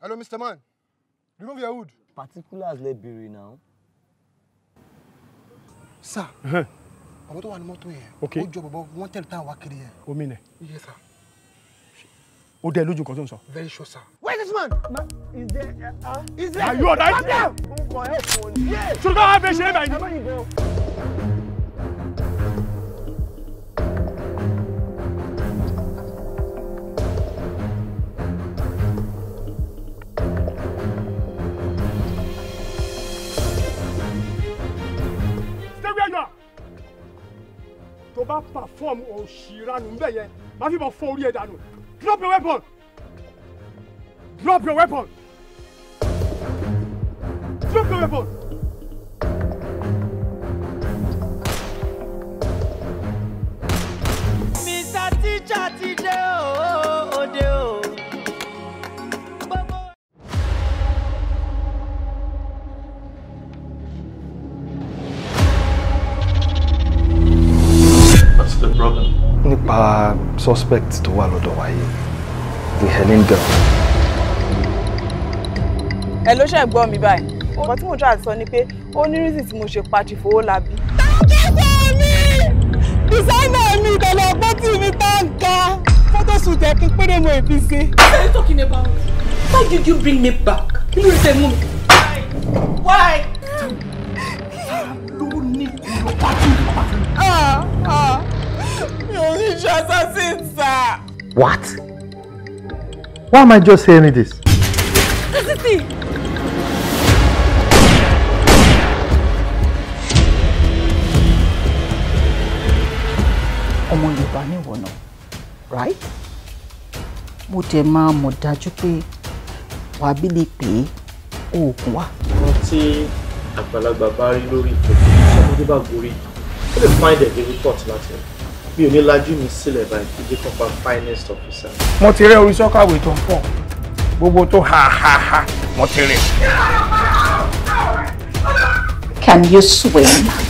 Hello, Mr. Man. Remove your hood. Particulars lè béèrè now. Sir. Bàbá tó wà ní mọ́tò yẹn. Okay. Ó jọ bàbá wọ́n tẹ̀lé táwọn wá kiri yẹn. Omi nẹ. Yes, sir. Ó dẹ lójú kan tó ń Very sure, sir. Where is this man? Ma is there uh, uh is there? Are you alright? Come down. Nǹkan ẹ̀ fún ọ ni. Ṣùgbọ́n àwọn afẹ́ ṣe é báyìí. tó bá perform òṣìranù ńbẹ yẹn máa fi bọ̀ fọ orí ẹ̀ dànù drop your weapon drop your weapon drop your weapon. Mr. Teacher ti dé o. nípa suspect tó wà lọ́dọ̀ wa the Helen girl. ẹ ló ṣe gbọ́ mi báyìí ọkọ tí mo try sọ ni pé ó ní reason tí mo ṣe pa Jìfowó labí. tàǹkẹ́fẹ́ mi dísáínà mi ìdọ̀lọ́ ọgbọ́n tí mi tàǹkà fọ́tò sùjẹ́ kí péré mo èbí ṣe. what are you talking about? why did you bring me back? kí ló ṣe mú why? ló ní kò lọ pàtó. Ah, ah ò assassin sir. What? Why am I just hearing this? Sisi. ọmọ Yorùbá ní ìwọ náà right mo dẹ̀ máa mọ̀ dájú pé wàá bí lè pè é oògùn wa. wọ́n tí àgbàlagbà bá rí lórí ìtọ́jú ọmọdé bá gorí ó lè find ẹ̀dẹ̀ report láti rẹ̀ mi ò ní lajú mi sílẹ̀ báyìí kí jẹ́ kọ́pa finest officer. mo ti rẹ́ orí sọ́kàwé tó ń pọ̀ gbogbo tó ha ha ha mo ti rẹ̀. Can you swim?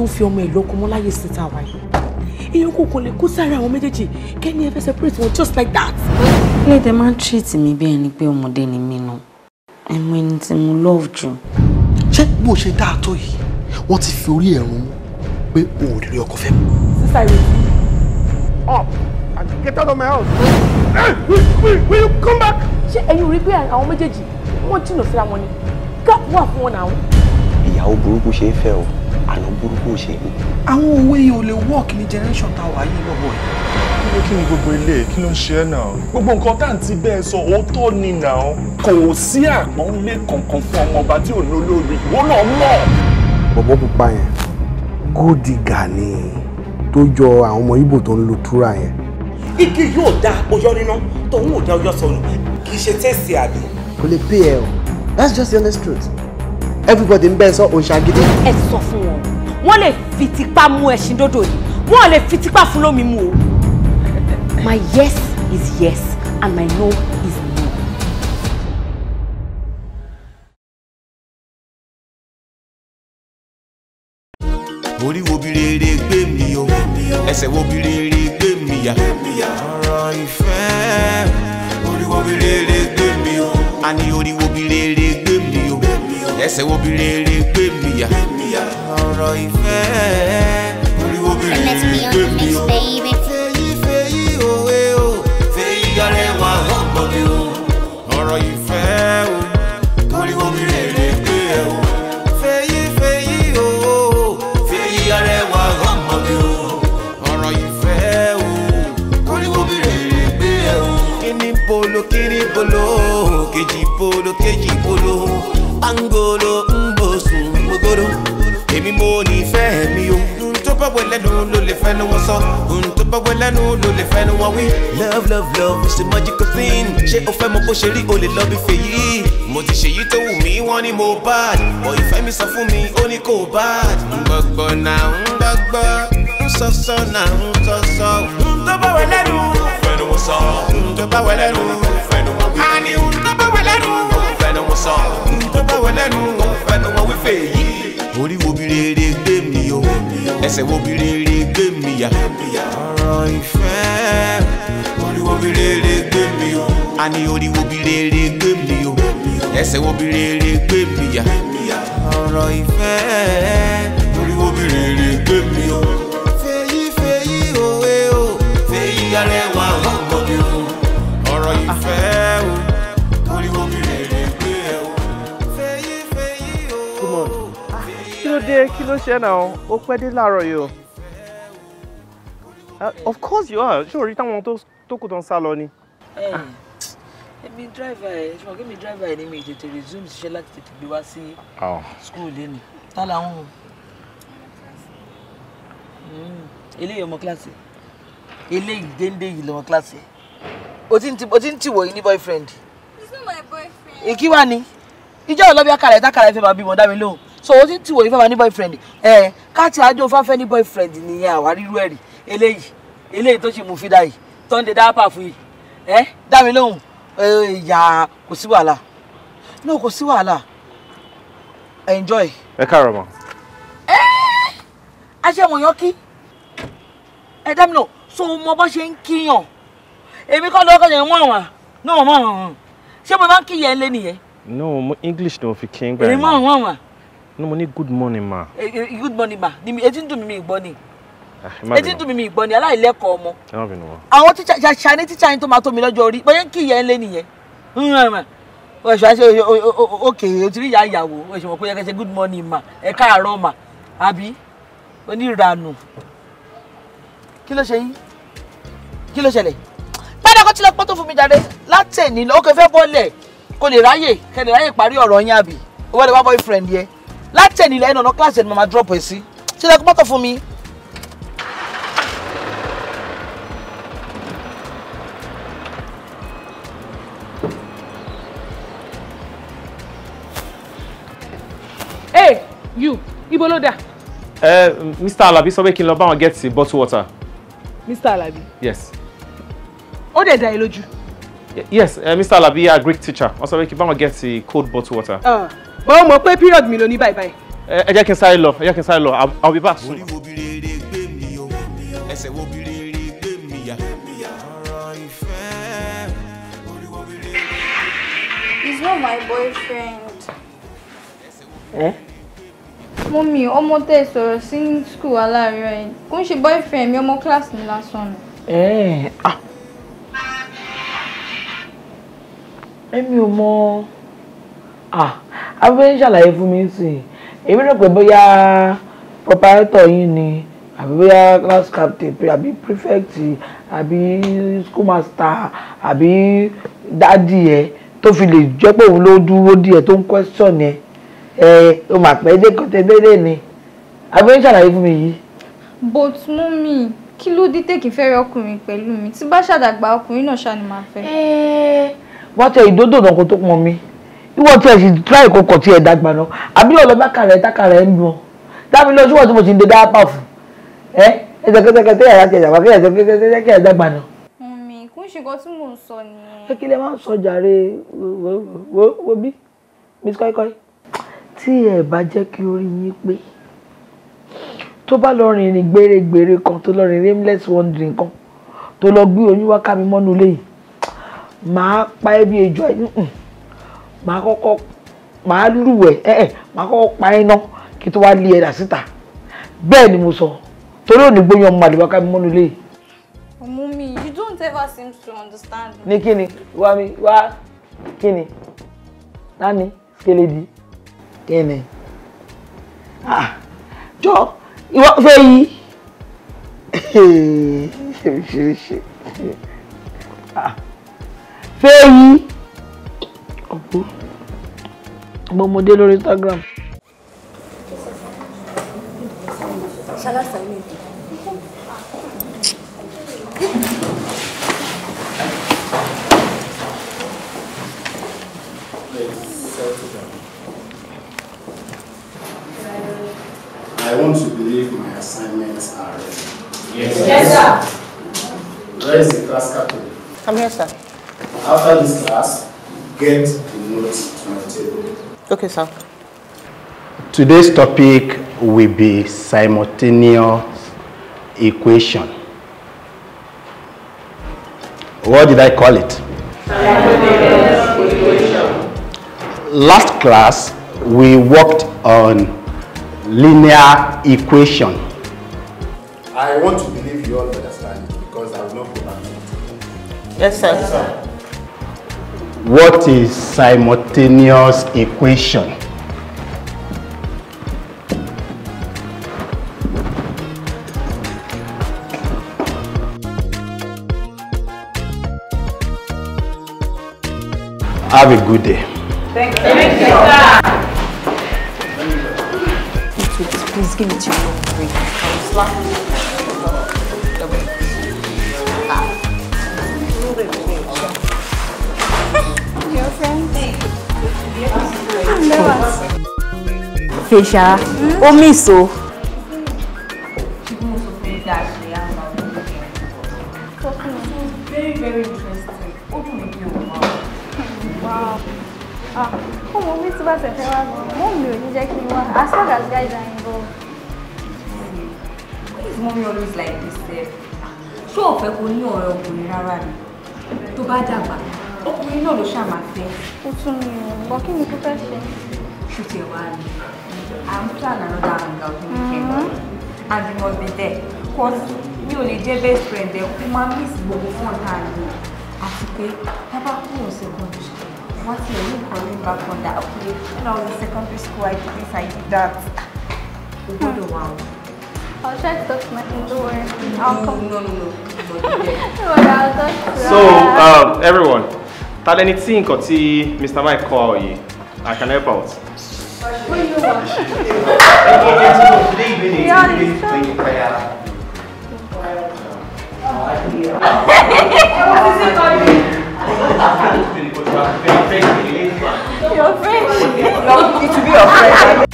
tó fi ọmọ ẹ̀ lọ́kọ mọ́ láyé síta wa yìí èèyàn kò kò lè kó sára àwọn méjèèjì kẹ́ni ẹ fẹ́ separate wọn just like that. ilé ìdẹ máa ń treat mi bí ẹni pé ọmọdé ni mí nu ẹmu ẹni tí mo love jù. ṣé bó ṣe dáa tó yìí wọ́n ti fi orí ẹ̀rù mú pé o ò rí ọkọ fẹ́ sísá ìrètí. up and get out of my house. Hey, will, will, will you come back? ṣé ẹ̀yin rí pé àwọn méjèèjì wọ́n jìnnà síra wọn ni gap wà fún wọn náà. ìyàwó burúkú ṣe é fẹ́ o àná burúkú òṣèlú. àwọn òwe yìí ò lè work ní generation tá a wà yìí lọ́wọ́ yìí. kí ló kí ni gbogbo ilé kí ló ń ṣe ẹ́ náà. gbogbo nǹkan tá à ń ti bẹ́ẹ̀ sọ òótọ́ ni náà kò sí àpọ́nlé kankan fún ọmọọba tí ò ní olórí ìwọ náà mọ̀. bọ̀bọ̀ pupa yẹn gódìgà ni tó jọ àwọn ọmọ Ìgbò tó ń lo túra yẹn. igi yóò da ọyọ níná tòun ò da ọyọ sọnù kì í ṣe tẹ́sì àbí. kò lè pay ẹ o that's just the honest truth everybody ń bẹ sọ òòṣà ẹ sọ fún wọn wọn lè fi tipá mú ẹṣin dódò yìí wọn lè fi tipá fún lómi mu o. my yes is yes and my no is no. orí wo bí rere gbé mi o ẹsẹ̀ wo bí rere. ẹsẹ̀ wo bí rere gbé mi yà ọ̀rọ̀ ìfẹ́. bó ṣe rí o lè lọ bí mo ti ṣèyí tó wù mí wọ́n ní mo bad ọ̀ ìfẹ́ mi sọ fún mi ó ní kò bad. gbọ̀gbọ̀ na, ń gbọ́gbọ́ ń sọ́sọ́ nà ń sọ́sọ́. ń tó bá wẹ lẹ́nu. fẹ́nu mo sọ. ń tó bá wẹ lẹ́nu. fẹ́nu mo wí. àní ń tó bá wẹ lẹ́nu. fẹ́nu mo sọ. ń tó bá wẹ lẹ́nu. fẹ́nu mo wí fèyí. orí wo bí rere gbé mi o ẹsẹ̀ wo bí rere gbé mi yà. ọ̀rọ̀ ìfẹ́ orí wo bí rere gbé mi o àní oríwo bí rere gbé mi o ẹsẹ̀ wo bí rere gbé mi yá ọ̀rọ̀ ìfẹ́ oríwo bí rere gbé mi o. fèyí fèyí òwe o fèyí arẹwà ọgbọ́n mi o ọ̀rọ̀ ìfẹ́ o oríwo bí rere gbé o fèyí fèyí òwe o. Ah, kí ló dé kí ló ṣe náà ó pẹ́ dé láàárọ̀ yìí o. Ah, of course you are Sure, orí táwọn tó to tó ń sá lọ ni. Hey. Eh. Ah èmi dráìvà ẹ ṣùgbọ́n kí mi driver ẹ ní mi tètè resume ṣiṣẹ́ láti tètè gbé wá sí oh. school lẹ́nu tá làwọn o eléyìí ọmọ kíláàsì eléyìí déndé yìí lọmọ kíláàsì o ti ń ti o ti ń ti wọ̀nyí ní boyfriend. he's not my boyfriend. èkí wà ní ìjọ ọlọ́bí akara ẹ̀ tákàrà ẹ̀ fẹ́ máa bímọ dá mi lóhùn so o ti ń ti wọ̀nyí fẹ́ máa ní boyfriend ẹ̀ káàtì adé òfáfẹ́ ní boyfriend nìyẹn àwárí rú ẹ̀rì eléyìí eléyìí tó ṣe mú fídà yìí tó ń de dáàpà fún yìí ẹ̀ dá mi lóhùn ìyá kò sí wàhálà no kò sí wàhálà enjoy. ẹ káàárọ̀ mọ́. ẹ eh! aṣẹ́wọ̀nyàn kí ẹ dá mi nà so mo bọ́ ṣe ń kíyàn èmi kọ́ lọ́kọ́ yẹn wọ́n wà náà wọ́n wọ́n ṣé mo máa ń kíyàn lé nìyẹn. no mo english ni mo fi kí n gbà yẹn. èmi wọ́n wọ́n wà. no mo ní good morning ma. Eh, eh, good morning ma ni etí ń dùn mí mi ìgbọ́ ni etí ah, ń dùn mí mi ìgbọ́ ni aláìlẹ́kọ̀ọ́ ọmọ àwọn tíṣà ṣáni tíṣà yín tó máa tó mi lọ́jọ́ orí bóyá kí ìyẹn lé nìyẹn oṣù àṣẹ òkè òtírí ìyá ìyàwó oṣù mọ̀ pé ẹ kẹsẹ̀ good morning ma ẹ káàárọ̀ ma àbí oníranù kí ló ṣe yín kí ló ṣẹlẹ̀ padà kó tilẹ̀ pọ́tò fún mi jáde látẹ̀ni ó kẹfẹ́ bọ́lẹ̀ kò lè ráyè kẹ lè ráyè parí ọ̀rọ̀ yín àbí ó wọlé wá boyfriend yẹ látẹ̀ni lẹ́yìn ọ̀nà kíláàsì ẹ̀ ni màmá drop ẹ̀ sí tilẹ̀ pọ́tò fún mi hey you ibo ló dà. ẹ eh, mr alabi sọ pé kí n lọ get some get water. mr alabi. yes. ó dẹ̀ dá ẹ yes uh, eh, mr alabi a greek teacher wọ́n sọ pé kí n bá wọn cold bottle water. Ah, bọ́ọ̀ mọ̀ pé period mi ló ní báyìí báyìí. Uh, eh, jẹ́ can say sáré lọ can say kí n i'll be back soon. he's not my boyfriend mọ́mí ọmọ tẹ́ ẹ sọ̀rọ̀ sí skul aláàárọ̀ ẹ̀ kò ń ṣe boyfriend mi ọmọ kíláàsì mi lásán ni. èmi ah. ò mọ abẹ́rẹ́ ah, ń ṣàlàyé fún mi sí i èmi rò pé bóyá proprietor yín ni àbí bóyá class captain àbí prefect àbí school master àbí dádì ẹ tó fi lè jẹ́ pé òun ló dúró díẹ̀ tó ń question ẹ ẹ o mà pẹ́ dé kọ́tẹ́ dédé ni abẹ́ ń ṣàlàyé fún mi yìí. but mummy kí ló dé tèkì fẹ́rẹ̀ ọkùnrin pẹ̀lú mi tí bá ṣàdàgbà ọkùnrin náà ṣáà ni màá fẹ́. wọ́n tẹ ìdódò náà kó tó pọn mi ìwọ tí ẹ sì tíráì kọkọ tí ẹ dàgbà náà àbí ọlọ́ba kàrẹ tákàrẹ ń nu ọ dábìí lọ síwọ tí mo ti ń de dáápà fún ẹ ẹ tẹkẹtẹkẹtẹ yàrá ti ẹjàgbá kẹyà tẹkẹtẹkẹtẹ kẹyà dàgbà náà. mọ̀mí kún ṣe nǹkan tí mò ń sọ nìyẹn. ẹ kí lè máa ń sọ jàre wo wo wo bí miss kọ́íkọ́í tí ẹ bá jẹ́ kí orí yín pé tó bá lọ rìnrìn gbèrègbèrè kan tó lọ rìn aimless wandering kan tó lọ gbé oyún wá ká mi mọ́nú ilé yìí màá pa ẹ́ bí ejò ẹ̀ màá kọ́kọ́ màá lù ẹ̀ ẹ̀ ẹ̀ màá kọ́kọ́ pa ẹ́ náà kí tó wá lé ẹ̀ dà síta bẹ́ẹ̀ ni mo sọ torí ò ní gbóyún ọmọ àlè wá ká mi mọ́nú ilé yìí. Mummy, you don't ever seem to understand me. ní kíni wá mi wá kíni tani kele di. Ah, kí ni jọ ìwọ fẹ́ yí ah, fẹ́ yí ọ̀pọ̀ ọmọdé lórí Instagram. ṣálásà ilé ìdè. Thank you. I want to believe my assignments are ready. Yes, yes sir. Where is the class captain? Come here, sir. After this class, get the notes to my table. Okay, sir. Today's topic will be simultaneous equation. What did I call it? Simultaneous equation. Last class, we worked on linear equation. I want to believe you all understand because I will not go back Yes, sir. Yes, sir. What is simultaneous equation? Have a good day. Thank you. Thank you. Just give me two more three. Girlfriend? Hey. Fisha, mm? oh me so. Very, very interesting. Open it your mouth. Wow. Ah, come on, we need to buy a fair Mom, you need one. As long as guys are in. yẹ kó ọ̀rẹ́ ọkùnrin rárá ni tó bá dàgbà ọkùnrin náà ló ṣàmà fẹ́. ó tún ní ọgbọ́n kí ni tó fẹ́ ṣe. ṣùtì ẹ̀ wá ni à ń plan another hang out ní kẹrin and you must be there cause mi ò lè jẹ́ best friend ẹ̀ kó máa miss gbogbo fún ọ̀tá mi àti pé tábà kú òun second school wọ́n ti rí nǹkan rí back on that okay when I was in secondary school I did this I did that. o gbọ́dọ̀ wà o. I'll try to talk to my I'll come. No, no, no. no. so, um, everyone, tell anything, tí nǹkan Mr. Mike call you, I can help out. Your friend. It should be your friend.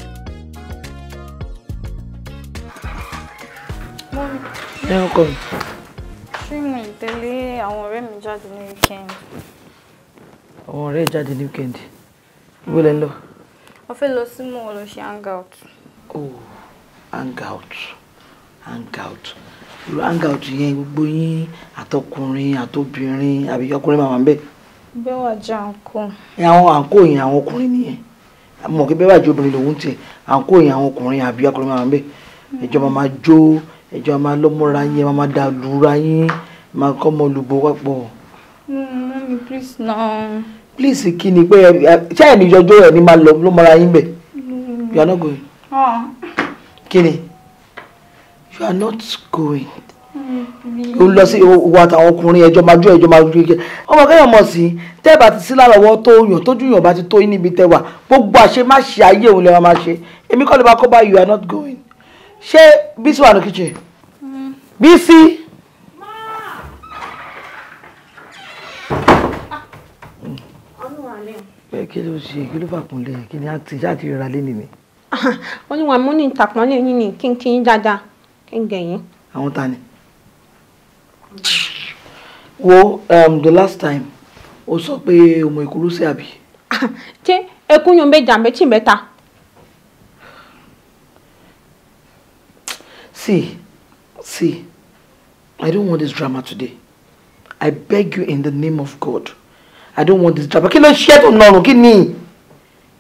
ẹ ọkọ mi. ṣé mi tẹ̀lé àwọn ọ̀rẹ́ mi jáde ní weekend. àwọn ọ̀rẹ́ jáde ní weekend ibo lẹ ń lọ. mo fẹ́ lọ sí mọ́ hang out. ṣe hangout. oh hangout hangout irú hangout yẹn gbogbo yín àtọkùnrin àtobìnrin àbí ọkùnrin màmá bẹ́ẹ̀. bẹ́ẹ̀ wà jẹ́ àǹkó. àwọn àǹkó yẹn àwọn ọkùnrin nìyẹn mọ̀ kí bẹ́ẹ̀ bá jẹ́ obìnrin lòun tiẹ̀ àǹkó yẹn àwọn ọkùnrin àbí ọkùnrin màmá bẹ́ẹ̀ ìjọba máa jó. Mm -hmm ẹjọ́ a máa lọ́mọ́ra yín a máa dàlúra yín máa kọ́ ọmọ olùbọ̀ papọ̀. mami please na. please kí ni pé ṣé ẹni jọjọ́ ẹ̀ ni máa lọ lọ́mọ́ra yín bẹ̀ mm. you are not going. Ah. kí ni you are not going. Mm, o lọ sí ìwà àtàwọn ọkùnrin ẹjọ́ máa jó ẹjọ́ máa jó ẹjọ́ ọmọ kẹ́yọ̀ mọ̀ sí tẹ́ ẹ bá ti sí lárọ̀wọ́ tó yàn tójú yàn bá ti tó yín níbi tẹ́ wà gbogbo àṣemáṣe ayé òun lè máa ṣe èmi kọ́ ló bá kó bá you are not going ṣé bísí wà ní kitchen bísí. bẹ́ẹ̀ kí ló ṣe kí ló fàkúnlẹ̀ kí ni a ti jáde rà lé nìyí. wọ́n ní wọn mú ní ìtàkùn lè yín ní kínkín dáadáa kí n gẹ̀yìn. àwọn ta ni. wo um, the last time o sọ pé ọmọ ìkúrú sí àbí. ṣé ekun yóò méjì àmẹ́tì mẹ́ta. See, see, I don't want this drama today. I beg you in the name of God. I don't want this drama. Kí share ṣe tó nọrùn kí ni?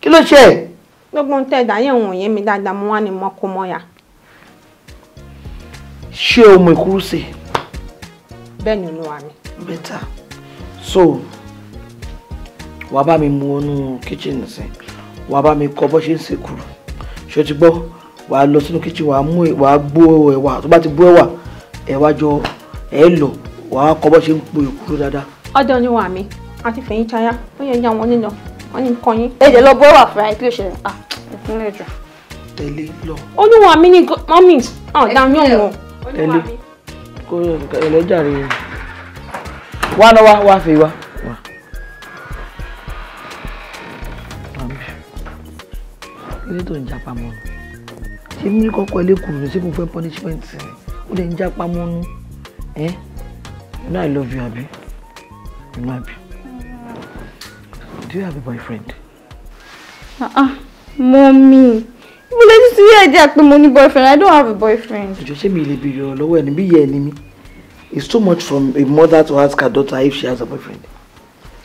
Kí ló ṣe? Gbogbo tẹ́ ìdáyẹ̀ òun yé mi dáadáa mo wá ní mọ́kọ́mọ́yà. Ṣé o mọ ìkúrú sí? Bẹ́ẹ̀ ni So, wàá bá kitchen mu ọnú kíchìnì sí. Wàá bá mi wàá lọ sínú kíchìn wàá mú wàá gbó ẹ̀wà tó bá ti gbó ẹ̀wà ẹ̀wà jọ ẹ̀ lọ wàá kọ́ bọ́ ṣe ń po èkúrú dáadáa. ọ̀dọ̀ ni wà mí àti fẹ̀yìn chaya ó yẹ ya wọn nílọ wọn ní nǹkan yín. èdè lọ bó wà fúnra ẹ kí ló ṣẹlẹ̀ à ah, ìpínlẹ̀ jù. tẹ̀lé lọ. olúwa mi ni mọ́mí ọ̀ dáhùn wọn. tẹ̀lé kó ẹlẹ́jà rẹ̀ wá náà wá fi wá. ilé tó ń japa mọ́ ni ṣé ní kọ́kọ́ ẹlẹ́kùn rẹ̀ ṣé mo punishment ni ó lè ń jápá mọ́nú ẹ́ you know I love you abi you know abi do you have a boyfriend. ah ah mommy mo lè ti rí ẹ̀jẹ̀ pé mo ní boyfriend I don't have a boyfriend. ìjọ ṣé mi lè bèrè ọ̀rọ̀ lọ́wọ́ ẹni bí ìyá ẹni mi it's too much from a mother to ask her daughter if she has a boyfriend.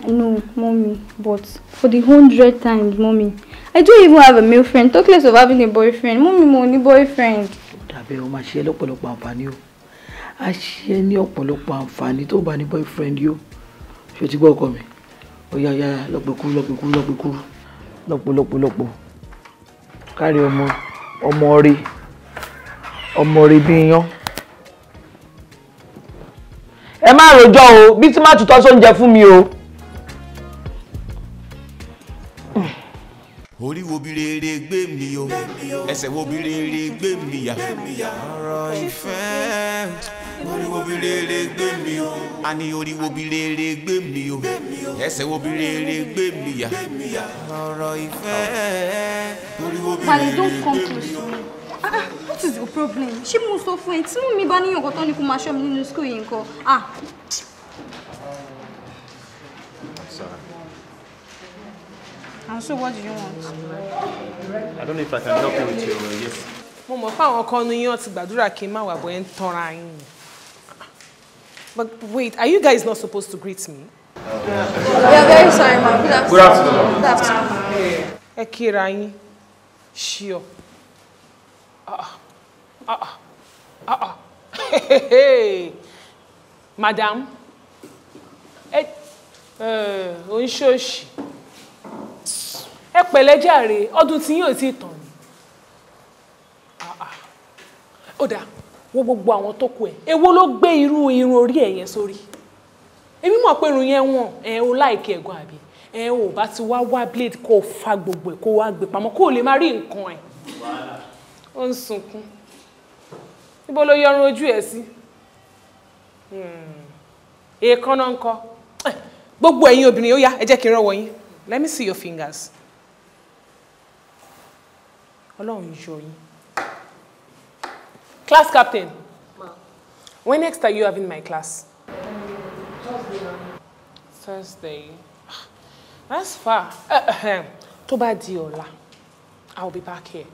no mommy but for the hundred times mommy I don't even have a male friend. Talk less of having a boyfriend. Mummy, mo ní boyfriend. Dàbẹ̀ o máa ṣe é lọ́pọ̀lọpọ̀ àǹfààní o. A ṣe é ní ọ̀pọ̀lọpọ̀ àǹfààní tó bá ní boyfriend yó. Ṣé o ti gbọ́ ọkọ mi? Ó yá yá lọ́pẹ̀kú lọ́pẹ̀kú lọ́pẹ̀kú lọ́pọ̀lọpọ̀lọpọ̀. Kárí ọmọ ọmọ rẹ ọmọ rẹ bí iyán. Ẹ má rojọ́ o, bí tí má tutọ́ sóúnjẹ fún mi o. orí wo bí rere gbé mi o ẹsẹ̀ wo bí rere gbé mi yà ọ̀rọ̀ ìfẹ́ orí wo bí rere gbé mi o àní orí wo bí rere gbé mi o ẹsẹ̀ wo bí rere gbé mi yà ọ̀rọ̀ ìfẹ́ orí wo bí rere gbé mi o. Ah, ah, what is your problem? ṣé mo sọ fún ẹ tí mo mi bá níyàn kan tán ni kò máa ṣọ́ mi nínú school yìí nǹkan. Ah. Sorry. And so what do you want? I don't know if I can help you with your uh, yes. Mo mọ̀ pé àwọn kan ní yín badura gbàdúrà kí n má wà bọ̀ But wait, are you guys not supposed to greet me? we are very sorry, ma'am. Good afternoon. Good afternoon. Good afternoon. Ẹ kíra ah. Sure. Ah, ah, ah, ah. ah, ah. Madam, ẹ ẹ eh, oníṣòṣì ẹ pẹ̀lẹ́ ọdún tí yóò ti tàn ní. Ah, ah. ó dà wo gbogbo àwọn tó kù ẹ èwo ló gbé irú irun orí ẹ sórí èmi mọ̀ pé irun yẹn wọ̀n ẹ o láìkẹ́ ẹ̀gbọ́n àbí ẹ ò bá ti wá wá blade kó o fa gbogbo ẹ kó o wá gbé pamọ́ kó o lè má rí nǹkan ẹ ó ń sunkún níbo ló yọrun ojú ẹ sí hmm. èèkan náà ń kọ eh, gbogbo ẹ̀yin obìnrin ó yá ẹ jẹ́ kí n rọwọ́ yín let me see your fingers ọlọ́run yọ yín. class captain Ma. when next are you having my class. thursday that's far tó bá di ọ̀la i will be back here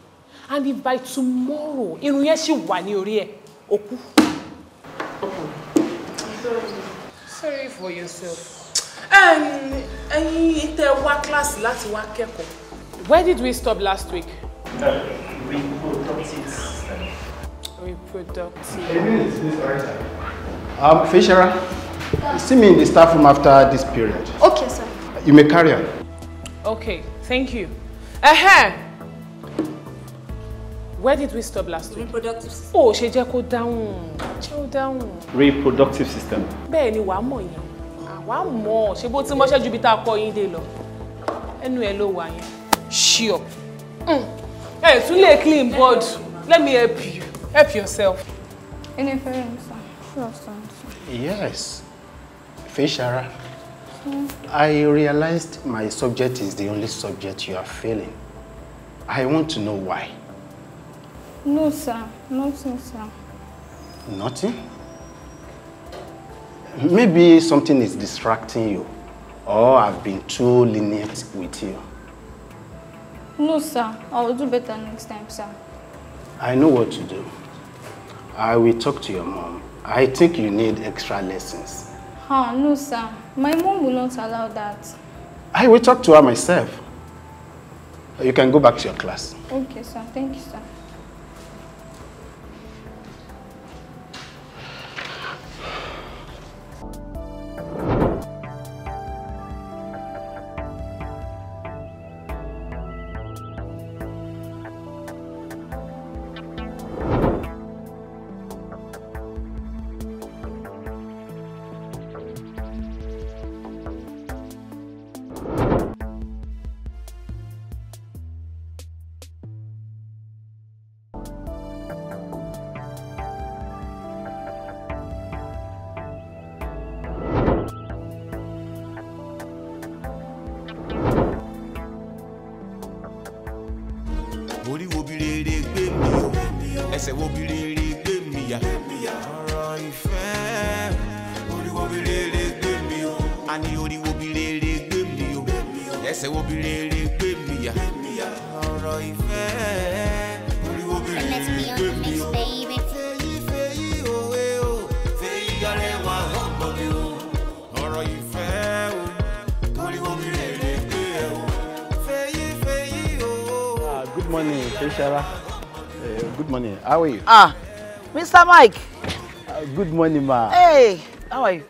and if by tomorrow irun yẹn ṣì wà ní orí ẹ̀ òkú. sorry for yourself ẹ̀yin tẹ́ wá kíláàsì láti wá kẹ́kọ̀ọ́. where did we stop last week? reproductive Reproductive. Um, Fishera, yeah. see me in the staff room after this period. Okay, sir. You may carry on. Okay, thank you. Uh-huh. Where did we stop last week? Reproductive system. Oh, she just go down. Chill down. Reproductive system. Bẹ́ẹ̀ ni wàá more? yẹn. Àwa mọ̀ ṣé bó ti mọ́ṣẹ́ ju ibi tá a kọ́ yín dé lọ. Ẹnu ẹ̀ ló wà Mm. Hey, it's only a clean board. Let me help you. Help yourself. Any friends? Yes. Fishara. I realized my subject is the only subject you are failing. I want to know why. No, sir. Nothing, sir. Nothing? Maybe something is distracting you, or I've been too lenient with you. No, sir. I will do better next time, sir. I know what to do. I will talk to your mom. I think you need extra lessons. Ah, no, sir. My mom will not allow that. I will talk to her myself. You can go back to your class. Okay, sir. Thank you, sir. are you? Ah, Mr. Mike. Uh, good morning, ma. Hey, how are you?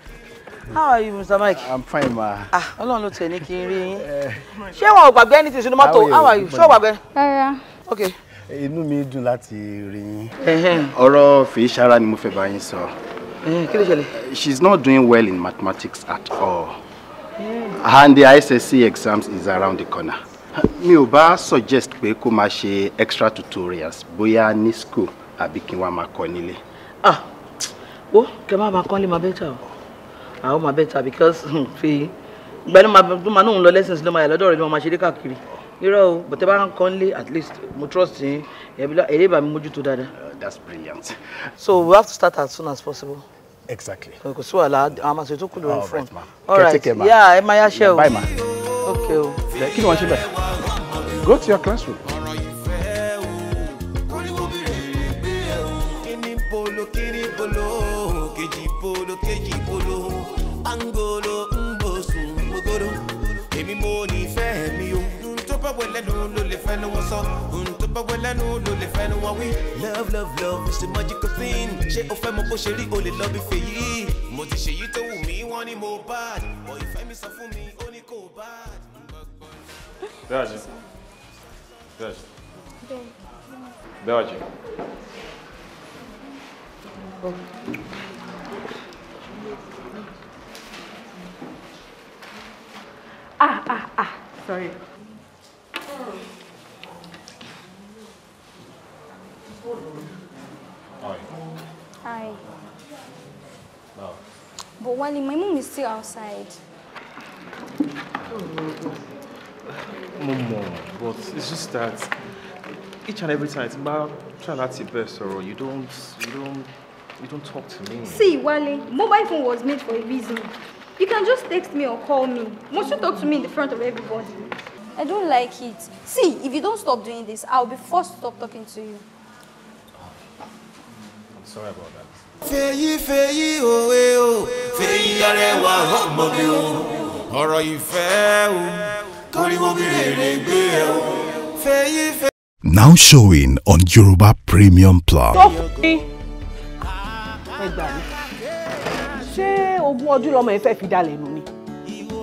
How are you, Mr. Mike? I'm fine, ma. Ah, Ọlọ́run ló no ní kí n rí yín. Eh. Ṣé wọn ò gbàgbé anything How are you? Show o gbàgbé? Yeah. Okay. Inú mi dùn lati rí yín. Ọ̀rọ̀ fèéṣára ni mo fẹ́ bá yín so. Kí ló ṣẹlẹ̀? She's not doing well in mathematics at all. Yeah. And the ISSC exams is around the corner. Mi ò bá suggest pé kó máa ṣe extra tutorials Boya ní school àbí kí n máa kọ́ nílé. ah wo kẹ má máa kọ́ nílé máa bẹ́tà o àwọn máa bẹ́tà because hmm, fi gbẹ́ni máa náà ń lọ lessons ló máa yà lọ́dọ̀ rẹ̀ ni wọ́n máa ṣeré káàkiri irọ́ o but ẹ bá ń kọ́ nílé at least mo trust yín èrè ìbá mi mójútó dáadáa. Uh, that's brilliant. so we have to start as soon as possible. exactly. kò sí wàhálà àwọn máa ṣètò kúlò rẹ fún ọ. all right ma yeah ẹ máa yá ṣe o. bye ma. okay o. kí ni wọ́n ṣe bẹ́ẹ̀ go to your classroom. fẹ́nu wọn sọ ohun tó bá wẹ lẹ́nu ló lè fẹ́nu wọn wí. love love love is the magical thing ṣé o fẹ́ mọ bó ṣe rí o lè lọ bí fèyí. mo ti ṣèyí tó wù mí wọ́n ní mo bad bọ̀ ìfẹ́ mi sọ fún mi ó ní kò bad. Дальше. Дальше. Дальше. Ah, ah, ah, sorry. Aye. No. But Wally, my mom is still outside. Momo, but it's just that each and every time, it's about try not your best, or you don't, you don't, you don't talk to me. See, Wally, mobile phone was made for a reason. You can just text me or call me. Must you talk to me in the front of everybody? I don't like it. See, if you don't stop doing this, I'll be forced to stop talking to you. sorry about that. fèyí fèyí òwe o fèyí arẹwà ọmọge o ọ̀rọ̀ ìfẹ́ o kọ́ríwó bí rèrè gbé e o fèyí fèyí. Now showing on Yoruba Premium Plan. Tó fi ẹ gbà mí. Ṣé ogún ọdún lọmọ ẹ fẹ́ fi dalẹ̀ nù ni?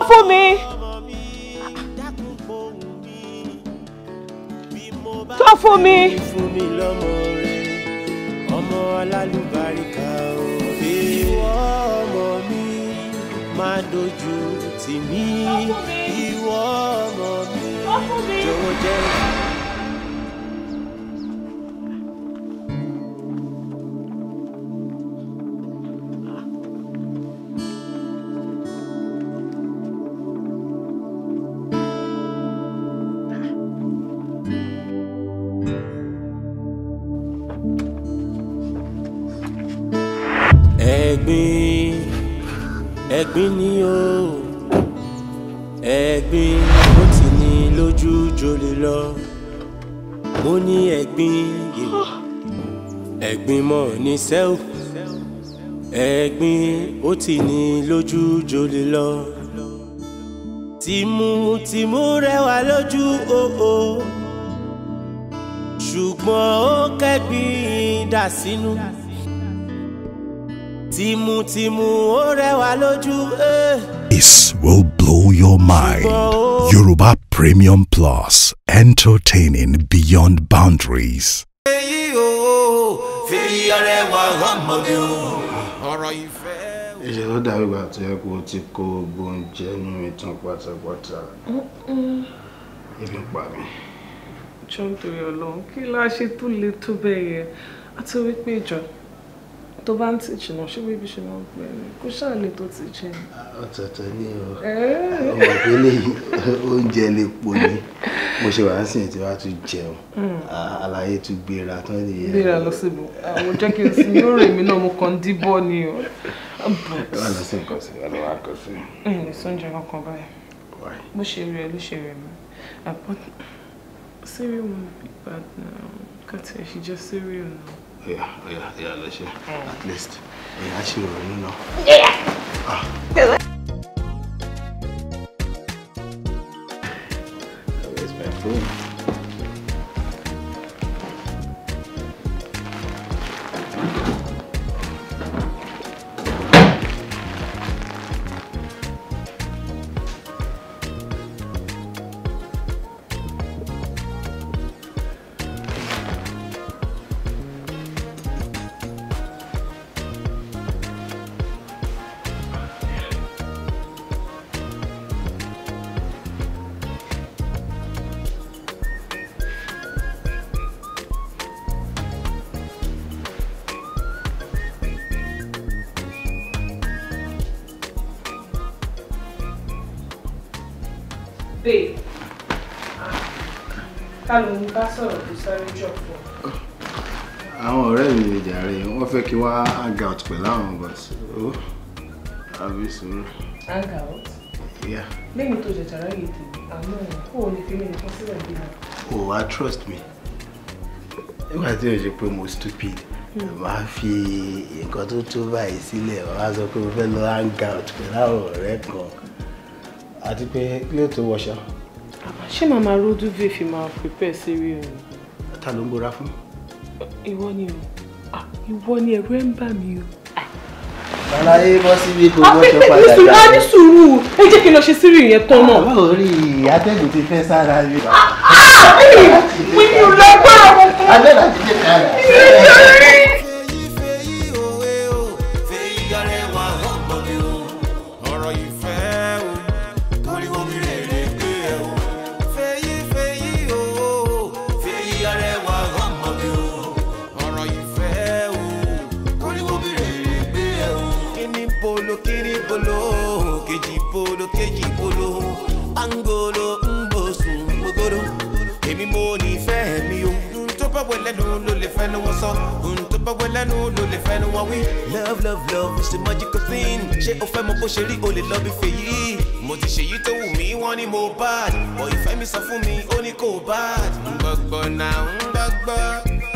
Fún mi. Tó fún mi. Fún mi lọ́mọ ọmọ alálùbáríkà òbí ìwọ ọmọ mi máa dojú tì mí ìwọ ọmọ mi jọ̀wọ́ jẹ́ mi. ẹ̀gbin ẹ̀gbin ni o ẹ̀gbin ó ti ní lójú jolè lọ mo ní ẹ̀gbin yìí ẹ̀gbin mọ̀ ní sẹ́wù ẹ̀gbin ó ti ní lójú jolè lọ tìmù tìmù rẹwà lójú òhò oh, oh. ṣùgbọ́n ó kẹ́gbin dà sínú. Oh, tìmùtìmù ó rẹwà lójú. Eh. This will blow your mind. Yoruba Premium Plus, entertaining beyond boundaries. ìṣe tó dàbí ìgbà tó yẹ kó o ti kó gbogbo oúnjẹ nínú ìtàn pátápátá ebi pa mí. jọ́ǹdùrẹ́ ọlọ́run kí la tó le tó bẹ́ẹ̀ yẹn àti wípé ìjọ tó bá ń tìjì náà ṣé bíbí ṣe máa ń pè é kó ṣàlè tó tìjì ni. ọ̀tọ̀ọ̀tọ̀ ni o ọmọ ìpínlẹ̀ oúnjẹ lè po ni mo ṣe wàá sìn tí wàá tún jẹun hmm. àlàyé tún gbéra tán nìyẹn. gbéra lọ sí ibò àwọn jẹ́ kí n sin yóò rè mí náà mo kàn ń díbọ́ ni o. wà lọ sí nǹkan sí wà lọ wà nǹkan sí. ẹyìn lè sọ oúnjẹ kankan báyìí bó ṣe rí ẹ ló ṣe rẹ mí àpọ́n yeah, yeah, oya lọ ṣe. At least, yeah, ṣe ìrònú náà. Where's my phone? babe ah. ká ló ń bá sọ̀rọ̀ tó sáré jọ pọ̀. àwọn ọ̀rẹ́ mi lè jàre wọ́n fẹ́ kí wá hang out pẹ̀lú àwọn ọba ṣòro oh, àbí ṣòro. hang out. lẹ́yìn tó jẹ̀jà ráyè tèmi àmọ́ kó o lè fi mí nìkan sílẹ̀ bí mi. o wa trust me nígbà tí o ṣe pé mo stupid máa hmm. fi nǹkan tó tó báyìí sílẹ̀ wọ́n á sọ pé mo fẹ́ lọ hang out pẹ̀lú àwọn ọ̀rẹ́ kan àti pé kílẹ̀ tó wọṣọ. ṣé màmá rodu bíi fi máa prepare sírí o. ta ló ń bora fún. ìwọ ni o ìwọ ni ẹ̀rù ẹ̀ ń bà mí o. Àlàyé bọ́ síbi gbogbo ọjọ́ padà jáde. Àpẹẹrẹ ní sùúrù ẹ jẹ́ kí n lọ ṣe sírì yẹn tán náà. Báwo rí atẹ́gùn ti fẹ́ sára ah, ah, ah, mi? Àbí mi ò lọ gbọ́ àwọn ọmọ. Abẹ́rẹ́ àti jẹ́ kára. Ìrẹsì báwo lẹ́nu ló lè fẹ́nu wọn wí. love love love is the magical thing ṣé o fẹ́ mọ bó ṣe rí o lè lọ bí fèyí. mo ti ṣèyí tó wù mí wọ́n ní mo bad ọ̀ ìfẹ́ mi sọ fún mi ó ní kò bad. gbọ́gbọ́ na, ń gbọ́gbọ́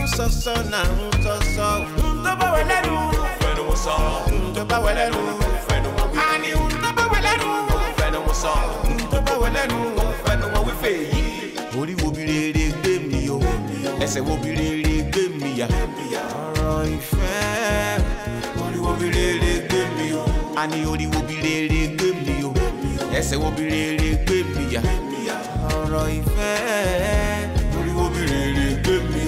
ń sọ́sọ́ náà ń sọ́sọ́. ń tó bá wẹ lẹ́nu. fẹ́nu mo sọ. ń tó bá wẹ lẹ́nu. fẹ́nu mo wí. àní ń tó bá wẹ lẹ́nu. fẹ́nu mo sọ. ń tó bá wẹ lẹ́nu. fẹ́nu mo wí fèyí. orí wo bí rere gbé mi o ẹsẹ̀ wo bí rere bíyà. ọ̀rọ̀ ìfẹ́ oríwo bí rere gbé mi o. a ní oríwo bí rere gbé mi o. ẹsẹ̀ wo bí rere gbé mi yà. ọ̀rọ̀ ìfẹ́ oríwo bí rere gbé mi o.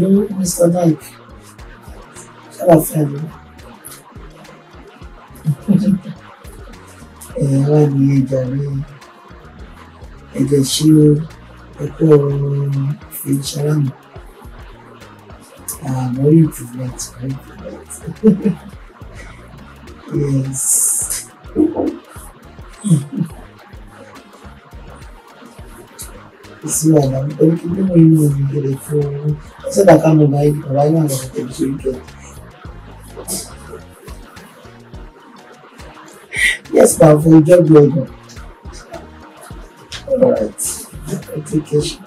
Hello, Mr. Knight. Shout Eh, Salute. Ẹ̀rọ ni ìjàre ẹ̀jẹ̀ ṣírò ẹ̀kọ́ fìṣàlámù. Ah, no, you very brilliant. yes. this morning. Then we can bring you in the phone so that I can Yes, ma'am, for your job later. All right. I'll take care. Mm.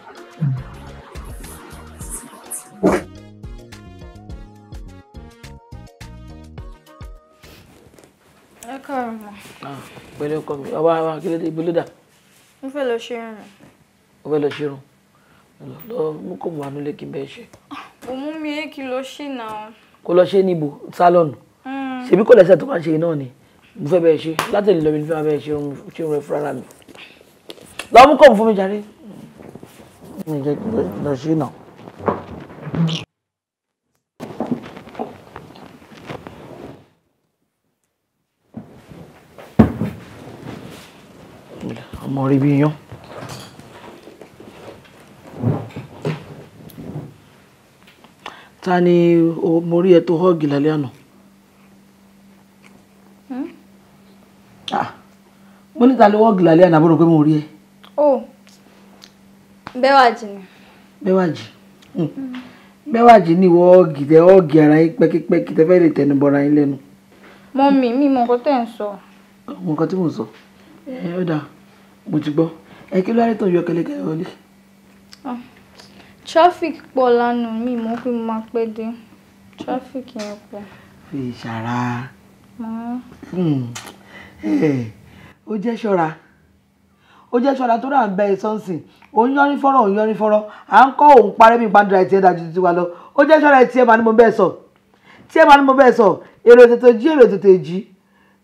ẹ káàárọ̀ mọ́. Ah, pẹ̀lú ọkọ mi ọba ó fẹ́ lọ ṣírun lọ mú kò mú wa nílé kí n bẹ́ẹ̀ ṣe. kò mú mi é kí lọ ṣe náà. kò lọ ṣe níbo sálọ̀nù hmm. ṣèbí kò lẹ́sẹ̀ tó máa ń ṣe náà ni mo fẹ́ bẹ́ẹ̀ ṣe láti lè lọ mi ní fẹ́ máa bẹ́ẹ̀ ṣe ohun ṣe ohun rẹ̀ fúnra mi. lọ mú kò mú fún mi jàre. mi jẹ́ kí lọ ṣe náà. ọmọ rí bí yan. ta ni mo rí ẹ tó họ́ọ̀gì lálẹ́ àná. Hmm? Ah, mo ní ló họ́ọ̀gì lálẹ́ àná àbúrò pé mo rí ẹ. o bẹ́wàjì ni. bẹ́wàjì hmm. Hmm. bẹ́wàjì ni ìwọ tẹ ara yín pẹ́kípẹ́kí tẹ fẹ́ lè tẹnu bọ́ra yín lẹ́nu. mọ́mì mo nǹkan tẹ̀ ń sọ. mọ tí sọ ẹ ọ̀dà mo ti gbọ́ ẹ kí ló wá tó yọ traffic pọ̀ lánàá mi mọ̀ pé mo máa pẹ́ dé traffic yẹn pọ̀. ìṣàrà hmm. eh, ó jẹ́ ṣọ́ra ó jẹ́ ṣọ́ra tó rà ń bẹ sọ́nsìn òun yọrin fọ́rọ̀ òun yọrin fọ́rọ̀ à ń kọ́ òun parẹ́ mi ìpàdé ẹ̀ tiẹ̀ dájú tiwa lọ ó jẹ́ ṣọ́ra ẹ̀ tiẹ̀ máa ní mo bẹ́ẹ̀ sọ tiẹ̀ máa ní mo bẹ́ẹ̀ sọ èrò tètè jí èrò tètè jí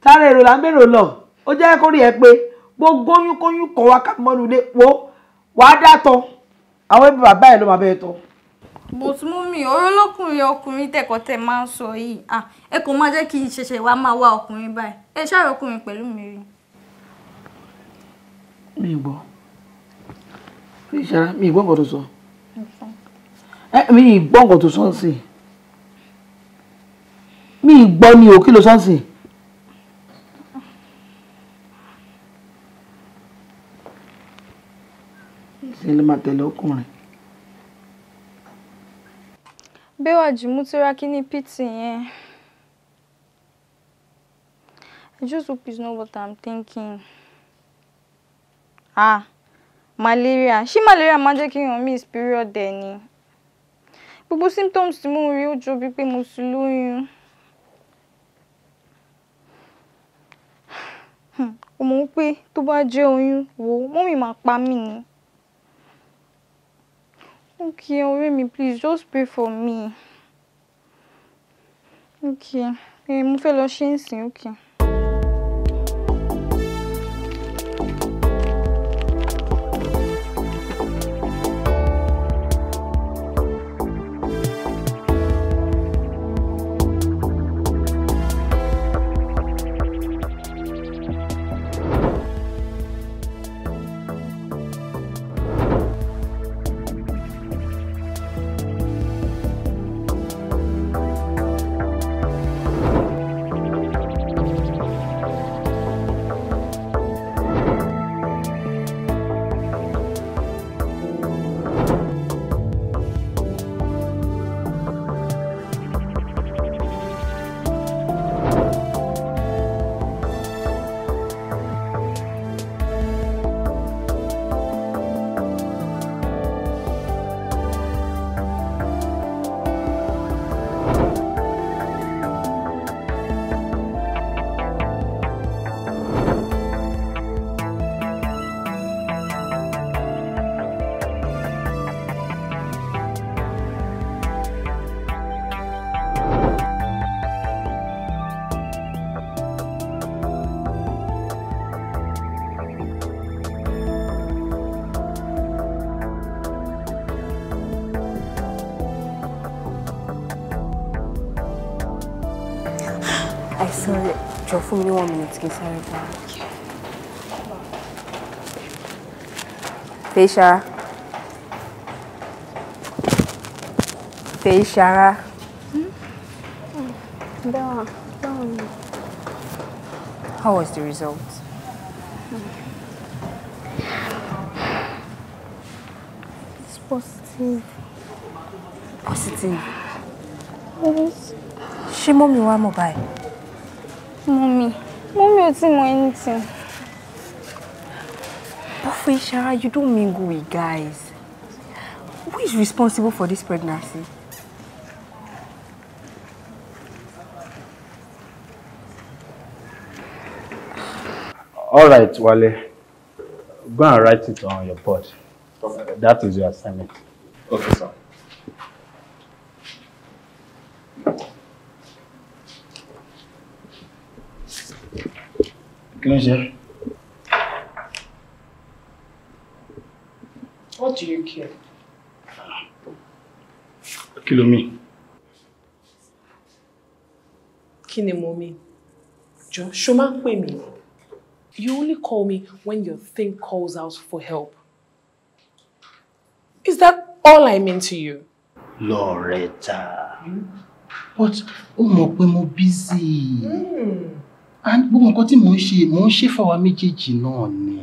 tára èrò là ń bèrò lọ ó jẹ́ kórìí ẹ pé gbogbo oyún kóyún kan wákàtí mọ́nu ilé wo wàá dàtọ̀ àwọn ẹbí bàbá ẹ ló máa bẹ tọ. but mummy ọ̀rọ̀ lọ́kùnrin ọkùnrin tẹ̀kọ́tẹ̀ máa ń sọ yìí ah, ẹ kò máa jẹ́ kí n ṣẹ̀ṣẹ̀ wá máa wá ọkùnrin báyìí ẹ ṣàrọ̀ ọkùnrin pẹ̀lú mi rí. mi gbọ́ fi ìṣara mi gbọ́ nǹkan tó sọ ẹ mi gbọ́ nǹkan tó sọ ń sìn mi gbọ́ ni o kí ló sọ ló máa tẹ̀lé ọkùnrin. Béwàjì mú tíráàkì ní yẹn. I just hope it's not what I'm thinking. Ah, malaria. Ṣé malaria máa jẹ́ kí èèyàn miss period ẹ̀ ni? Gbogbo symptoms tí mo rí ó jọ bíi pé mo ti lóyún. Ó hmm, mọ̀ pé tó bá jẹ́ oyún, wò mọ́mì máa pa mí ni. Okay, ọ̀rẹ́ mi, please just pray for me. Okay, eh, mo fẹ́ lọ ṣe é sìn, okay. fún mi one minute kí hmm? How was the result? It's positive. Positive? Yes. She mọ́mí one mobile. ò tí mọ anything. But Feishara, you don't mingle with guys. Who is responsible for this pregnancy? All right, Wale. Go and write it on your board. Okay. That is your assignment. Okay, sir. kí What do you care? Kill me. mi? Kí ni mo mi? Jọ, ṣo You only call me when your thing calls out for help. Is that all I mean to you? Loretta. Hmm? But o mọ̀ pé mo busy. Mm and gbogbo nǹkan tí mò ń ṣe mò ń ṣe fáwa méjèèjì náà ni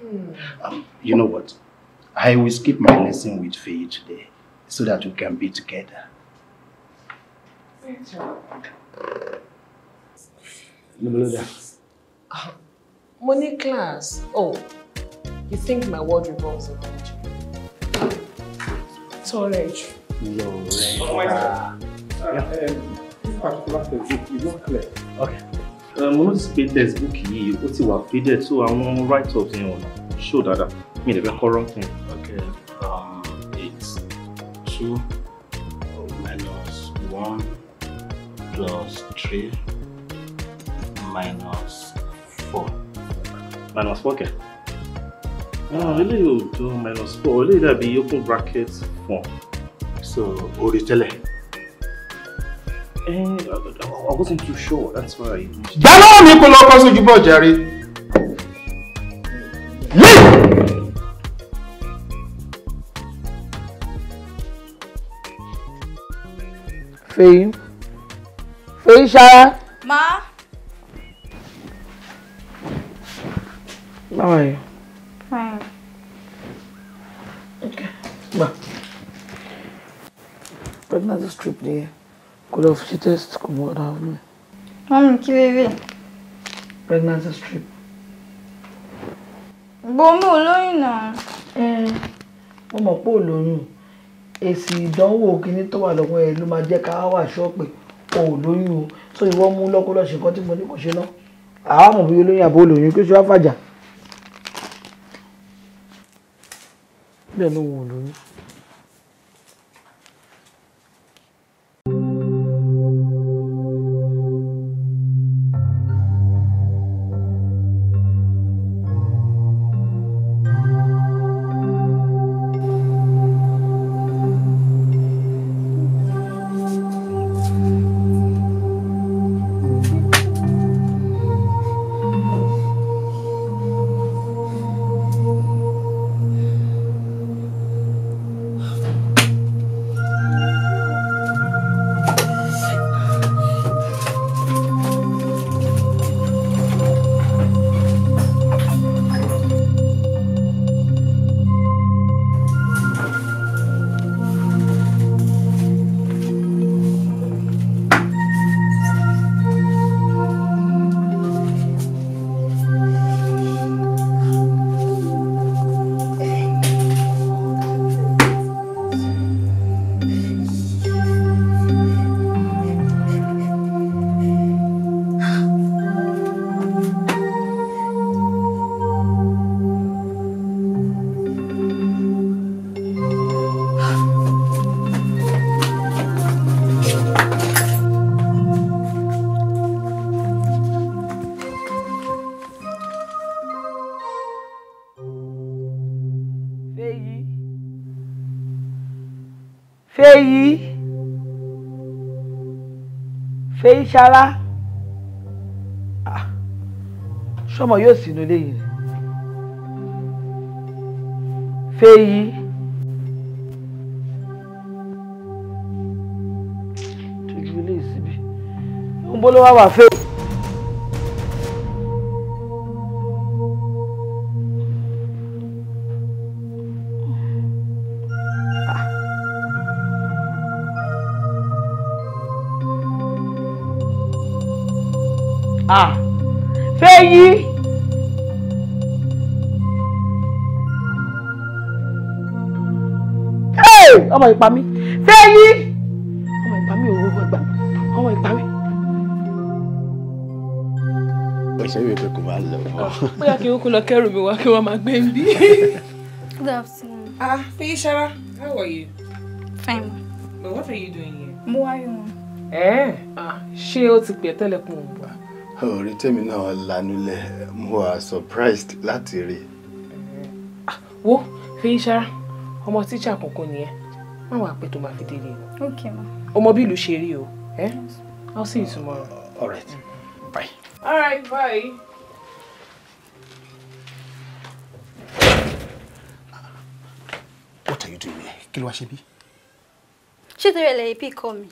hmm. um, you know what I will skip my lesson with Faye today so that we can be together. Lumoloda. Ah, Money class. Oh, you think my world revolves around you? Storage. Lorena. Oh, my God. Uh, yeah. Um, this particular thing, it's not clear. Okay. Uh, mo notice pé textbook yìí ó ti wà faded so àwọn write ups yẹn ò show dáadáa mi lè fẹ́ kọ́ wrong thing. okay um, uh, it's two minus one plus three minus four. minus four kẹ. Ah, eléyìí ò jọ minus four eléyìí dàbí open bracket four. so orí tẹ́lẹ̀. Eh, I wasn't too sure, that's why. Dáná you kò up kọ́ sójú bọ̀ jàre. Leave! Fèyí. Fèyí ṣáá. Ma. Báwo Okay. Ma. Okay. not Pregnancy strip there kó si fi ṣe test kò mọ ọ̀dà fún mi. wọ́n pregnancy strip. gbòmí olóyún náà. ẹ mo mọ̀ pé olóyún don ìdánwò kínní tó wà lọ́wọ́ ẹ ló máa jẹ́ ká wà ṣọ́ọ̀pẹ̀ o So lóyún o tó ìwọ mú lọ́kọ́ lọ́ọ́ ṣe nǹkan tí mo ní kò ṣe náà àwa mọ̀ bí olóyún àbó olóyún kí ó fèyí ṣara ah, ṣọmọ yóò sínú léyìn fèyí. tójú ilé ìsibí ń bọ́ ló wá wà fèyí. ọmọ ìpa mi fẹ́yí ọmọ ìpa mi ò rọ́gbọ́n gbà mí ọmọ ìpa mi. ọ̀sẹ̀ yóò fẹ́ kó máa lọ. bóyá ah, kí n kú lọ kẹ́rù mi wá kí wọ́n máa gbé ń bí. ah fẹ́yí ṣara how are you. fine. but what are you doing here. mo wá rí wọn. ẹ eh? ẹ ah, ṣé ó ti pẹ́ tẹ́lẹ̀kùn ògbà. orí tèmi náà lanu lẹ mo wà surprised láti rí. Eh, ah, wo fẹ́yí ṣara ọmọ tíṣà kọ̀ọ̀kan nìyẹn má wàá pẹ́ tó máa fi délé o. okay ma. o mọ bí ìlú ṣe rí o ẹ I'll see you tomorrow. all right mm-hmm. bye. all right bye. what are you doing here kí ló wá ṣe bí. ṣé torí call me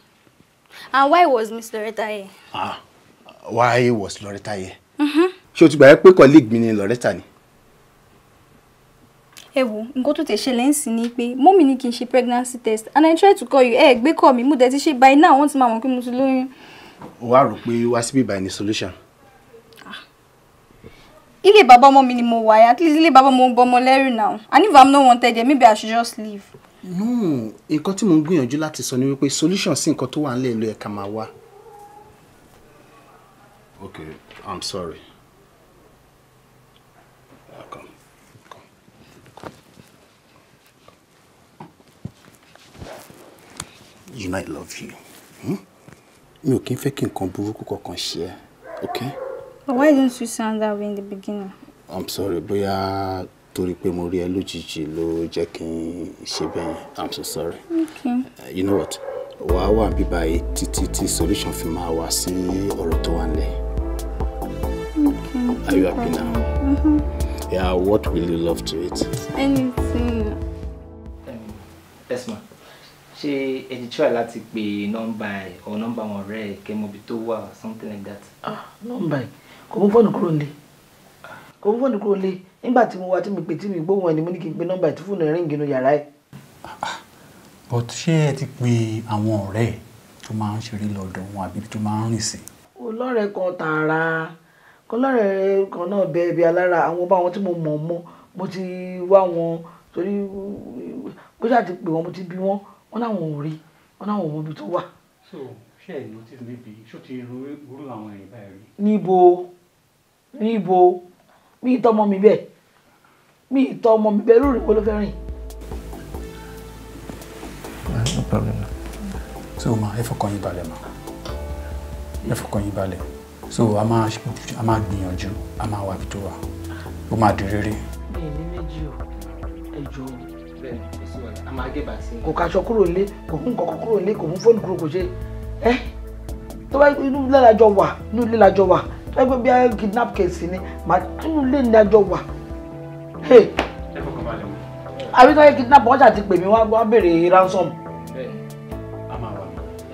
and why was Miss Loretta here. ah why was Loretta here. Mm-hmm. ṣé o ti gbà pé colleague mi ni Loretta ni ẹ wo nǹkan tó ti ṣẹlẹ̀ ń sìn ni pé mọ́mì ní kí n ṣe pregnancy test and i try to call you ẹ gbé call mi mo dẹ̀ ti ṣe by now wọ́n ti máa mọ̀ pé mo ti lóyún. wàá rò pé wá síbí báyìí ni solution. Ah. ilé bàbá ọmọ mi ni mo wà at least ilé bàbá mo ń bọmọ lẹ́rù now and if i'm not wanted there maybe i should just leave. no nǹkan tí mo ń gbìyànjú láti sọ ni wípé solution sí nǹkan tó wà nílẹ̀ ló yẹ máa wá. okay i'm sorry. you know I love you. Hmm? Mi ò kí ń fẹ́ kí nǹkan burúkú kankan ṣe ẹ́, okay? But why don't you sound that way in the beginning? I'm sorry, But torí Tori, mo rí ẹ lójijì ló jẹ́ I'm so sorry. Okay. Uh, you know what? Wàá wà bí báyìí títí tí solution fi máa wá sí ọ̀rọ̀ tó Okay. Are you happy now? mm Yeah, what will you love to eat? Anything. Um, Esma ṣé ẹ ti try láti pe nọ́mbà ẹ̀ or nọ́mbà wọn rẹ̀ kẹ́ mọ ibi tó wà or something like that. ah nọ́mbà ẹ̀ kò mú fóònù kúrò nílé kò mú fóònù kúrò nílé nígbà tí mo wá tí mi pè tí mi gbóhùn ẹ̀ ni mo ní kí n pe nọ́mbà ẹ̀ tí fóònù ẹ̀ ríǹgì nínú yàrá ẹ̀. Ah, but ṣé ẹ ti pe àwọn ọ̀rẹ́ ẹ̀ tó máa ń ṣeré lọ́dọ̀ wọn àbí tó máa ń rìn sí. olọ́rẹ̀ kan tààrà kọlọ́rẹ̀ kan náà bẹ ibi alára àwọn bá wọn tí mo mọ̀ mọ́ mo ti wá wọn torí bó ṣáà ti mo ti bí wọ́n wọ́n náà wọ́n ò rí wọ́n náà wọ́n mọ ibi tó wà. so ṣé ẹ notice níbi ṣó ti ru irú àwọn èèyàn báyìí rí. níbo níbo mi ì tọmọ mi bẹ́ẹ̀ mi ì tọmọ mi bẹ́ẹ̀ lórí wo ló fẹ́ rìn. no problem so ma ẹ fọkàn yín balẹ̀ ma ẹ fọkàn yín balẹ̀ so a máa gbìyànjú a máa wà bí tó wà ó máa di rere. mi ì ní méjì o ẹ jọ̀ọ́ kò kaṣọ kúrò nílé kò mú nǹkan kúrò nílé kò mú fóònù kúrò kò ṣe ẹ tó bá inú ilé lajọ wà inú ilé lajọ wà tó bá gbé bí ayé kidnap case ni màá inú ilé lajọ wà. àbí tó yẹ kidnap ọjà ti pè mí wá wá béèrè ransom. ẹ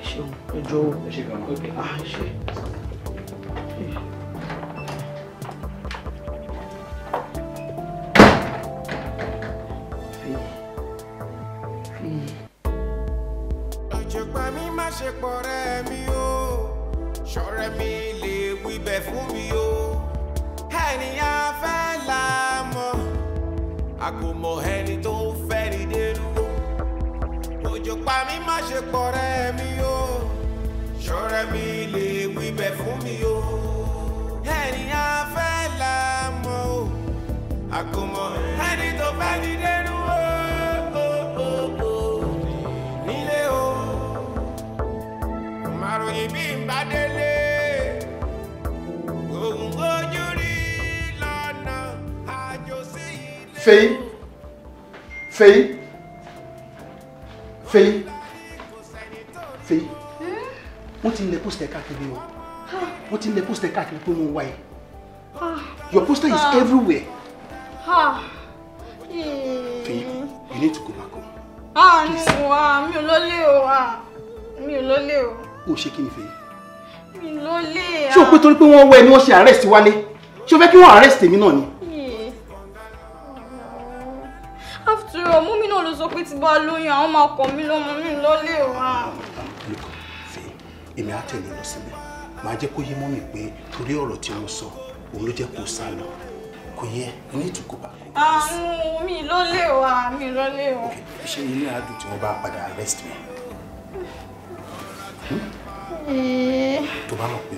ṣeun ẹ jọ̀ọ́ ẹ ṣe. pọ̀rẹ́ mi o ṣọ̀rẹ́ mi lè wíbẹ̀ fún mi o ènìyàn fẹ́ là mọ̀ a kò ẹni tó fẹ́ ni dérúró òjò pa mí má ṣe pọ̀rẹ́ mi o ṣọ̀rẹ́ mi lè wíbẹ̀ fún mi o ènìyàn fẹ́ là mọ̀ o a kò ẹni tó fẹ́ ni dérúró. Fèyí. Fèyí. Fèyí. Fèyí. Wọ́n ti ń lẹ pósítẹ̀ káàkiri o. Wọ́n ti ń lẹ pósítẹ̀ káàkiri pé wọ́n wá Your poster is everywhere. Fèyí, you need to go back home. Ah, no! ò wá, mi ò lólè o, ah, mi ò lólè o. O ṣe kí ni Fèyí? Mi ò lólè. Ṣé o ah. pé torí pé wọ́n wá arrest Wálé? Ṣé o fẹ́ kí wọ́n arrest èmi náà ni? ló sọ pé tí bá lóyún àwọn máa kọ̀ mí lọ́mọ mi lọ́lé wa. lóko fi èmi á tẹ̀lé lọ síbẹ̀ màá jẹ́ kó yé mọ́ mi pé torí ọ̀rọ̀ tí wọ́n sọ òun ló jẹ́ kó sá lọ kò yẹ ẹ ní ìtukọ̀ bá. àwọn mi lọ́lé wa mi lọ́lé wa. ṣé ilé adùn tí wọ́n bá padà arrest mi. Eh. tó bá mọ̀ pé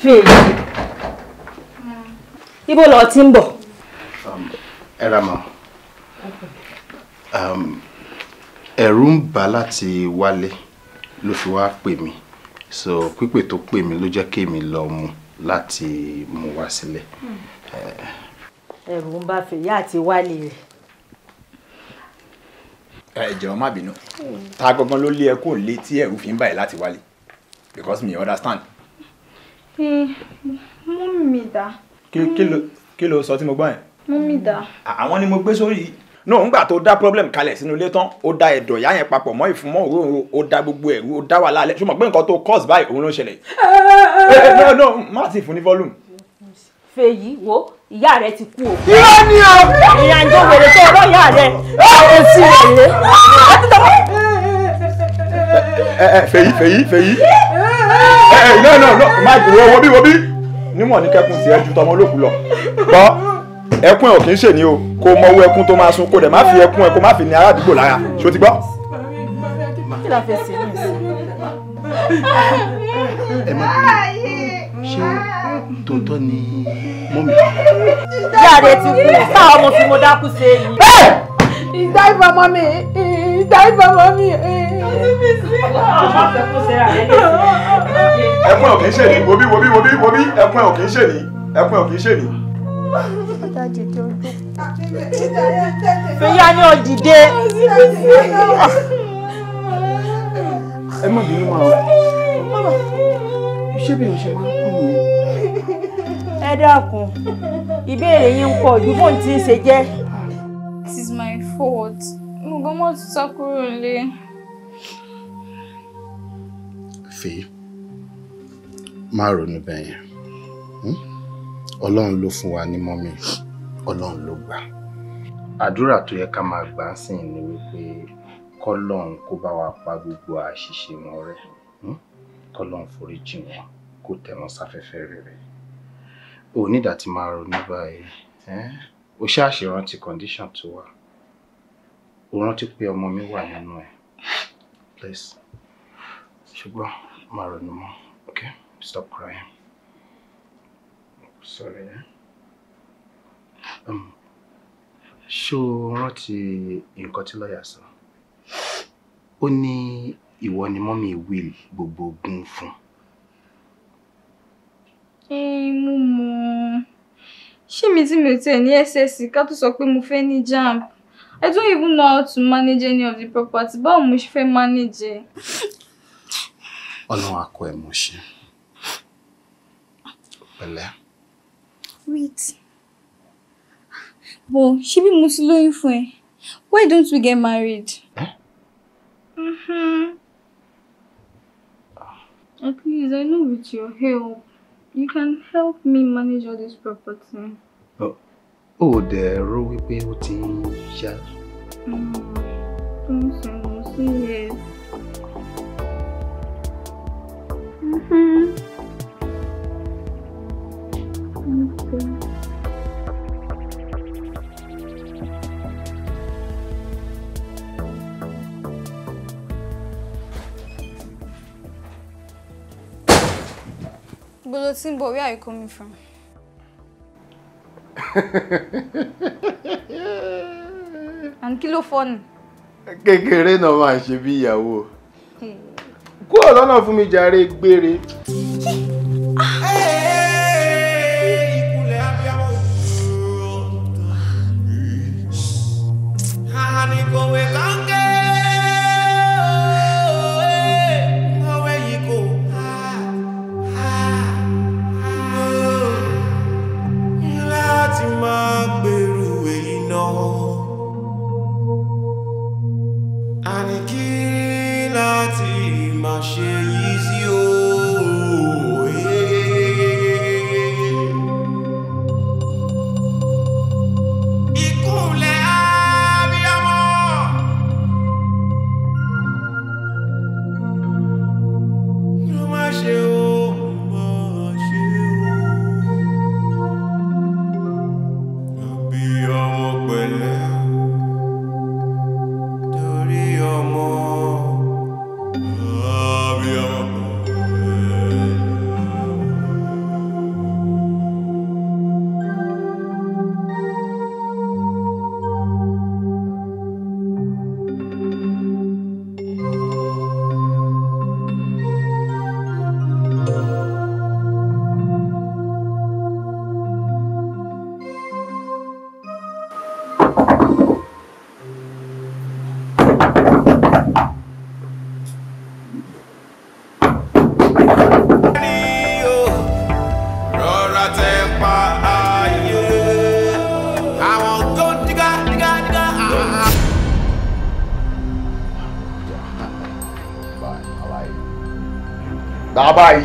fèyí ibo lọ ti ń bọ̀. Um, ẹ ra mọ um, ẹ̀rù ń bà láti wálé ló fi wá pè mí so pípè tó pè mí ló jẹ́ kémi lọ mu láti mú wá sílẹ̀. ẹ̀rù ń bà fèyí àti wálé rẹ̀ ẹ jọ̀ọ́ má bínú ta gangan ló lé ẹ kó lé tí ẹ̀rù fi ń báyìí láti wálé because me understand. Eh, mú mi dá. kí ló sọ tí mo gbọ́ yẹn. mú mi dá. àwọn ni mo gbé sórí yìí no ngbà tó dá problem kalẹ̀ sínú ilé tán ó dá ẹ̀dọ̀ ìyá yẹn papọ̀ mọ́ ìfúnmọ́ òróró ó dá gbogbo ẹ̀rú ó dá wàhálà alẹ́ ṣùgbọ́n pé nǹkan tó cause báyìí òun ló ń ṣẹlẹ̀. Eh, no no má ti fún ní volume fèyí wo ìyá rẹ ti kú o. irọ́ ni o. ìrìnàjò wèrè tó ọwọ́ ìyá rẹ ọ̀rọ̀ sí rẹ̀ ẹ fèyí fèyí fèyí ẹ ẹ no no no má wo wo bí wo bí nímọ̀ ní kẹ́kùn sí ẹjú tọmọ olókùú lọ gbọ́ ẹkún ẹ ò kì í ṣe ni o kò mọ owó ẹkún tó máa sun kó dẹ̀ má fi ẹkún ẹ kó má fi ní ará àdúgbò lára ṣó ti gbọ́. kí ẹ má bínú ṣé tòótọ́ ni mọ́mí. yára ti kú sáà ọmọ tí mo dákú ṣe é yìí. ìdá ìfọ̀ mọ́ mi ìdá ìfọ̀ mọ́ mi. ẹkún ọ̀kìn ṣe ní wobí wobí wobí wobí ẹkún ọ̀kìn ṣe ní ẹkún ọ̀kìn ṣe ní. fìyà ni ó dìde. ẹ má bínú máa ṣé bí o máa kú nìyẹn. ẹ dákun ìbéèrè yín ń pọ̀ ju bóun ti ń ṣe jẹ́. It is my fault mo gbọ́ mọ́ ti sá kúrò nílé. fi máa ronú bẹ́ẹ̀ yẹn ọlọ́run ló fún wa ní mọ́mí ọlọ́run ló gbà àdúrà tó yẹ ká máa gbà ń ni wípé kọ́lọ́run kó bá wa pa gbogbo àṣìṣe wọn rẹ́ kọ́lọ́n foríjì wọn kó tẹ̀ wọ́n sáfẹ́fẹ́ rere o nídà tí máa ronú báyìí o ṣáà ṣe rántí condition tó wà o rántí pé ọmọ mi wà nínú ẹ please ṣùgbọ́n máa ronú mọ́ okay stop crying sorry eh? um, ṣó rántí nǹkan tí lọ́ọ̀yà sọ ó ní ìwọ ni mọ́mí will gbogbo ogún fún. ẹ mú mọ ṣé mi tí mi ò tiẹ̀ ní ss ká tó sọ pé mo fẹ́ ní jamb I don't even know how to manage any of the property báwo mo ṣe fẹ́ manage ẹ. ọlọ́run akọ ẹ̀ mo ṣe pẹ̀lẹ́. wait bọ̀ ṣé bí mo ti lóyún fún ẹ why don't we get married. Eh? Mm-hmm. Oh, please, I know with your help, you can help me manage all this property. Oh, oh the road will be yeah. Mm, don't say no, say yes. Mm-hmm. Okay. Mm-hmm. Bolo Timbo, where are you coming from? And kí ló fọ́nù? Kékeré náà máa ṣe bí ìyàwó. Kúrò lọ́nà fún mi jàre gbére. Mm.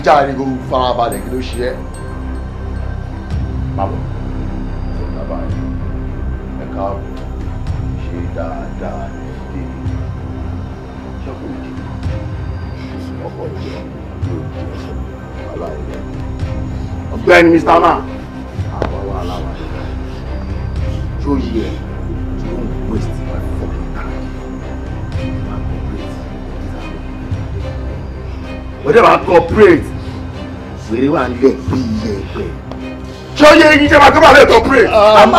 jàre kó farabalẹ̀ kí ló ṣe ẹ́. báwo ṣe dábàá ẹ̀ ẹ̀ káàbọ̀ ṣe dáadáa ní ìdílé ṣọ́kùnrin ọkọ̀ jẹ́ aláìlẹ́. ọ̀gbẹ́ni mr man àwa wa aláwa ṣó yí ẹ tó ń waste my fucking time my corporate. whatever wèrè wà ń lẹ̀ bí iye ẹgbẹ́. ṣé ó yẹ eyín jẹ́ màá tó bàa lè tó pray.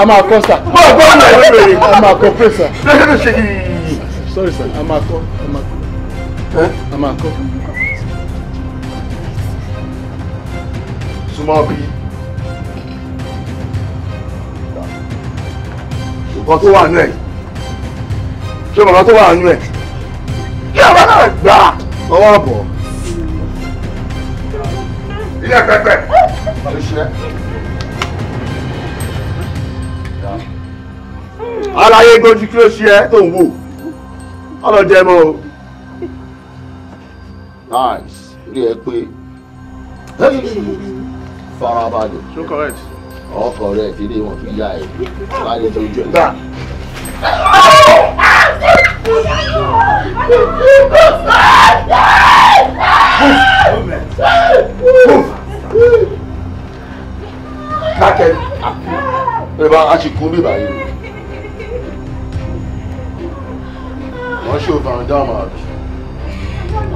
a máa kọ́ sà. bọ́ọ̀ bọ́ọ̀ náà yóò a máa I'm a máa kọ́ a máa kọ́ a máa kọ́. súnmọ́ bí. ṣùgbọ́n tó wà nú ẹ̀ ṣé màmá tó wà nú ẹ̀ kí àwọn náà gbà. ọwọ́ ilé pẹpẹ ló ṣe. aláyé gbòdì kí ló ṣe ẹ tó ń wò ọlọ́jẹ́ mọ́ o nice rí ẹ pé farabalẹ̀ so correct ọkọ̀ rẹ̀ ti lé wọn fi yá ẹ láyé tó jẹ gbà. Move! Move! dákẹ́ àkú ẹ bá a sì kú ní ìbàyè wọ́n ṣe òfin àwọn dáhùn àbí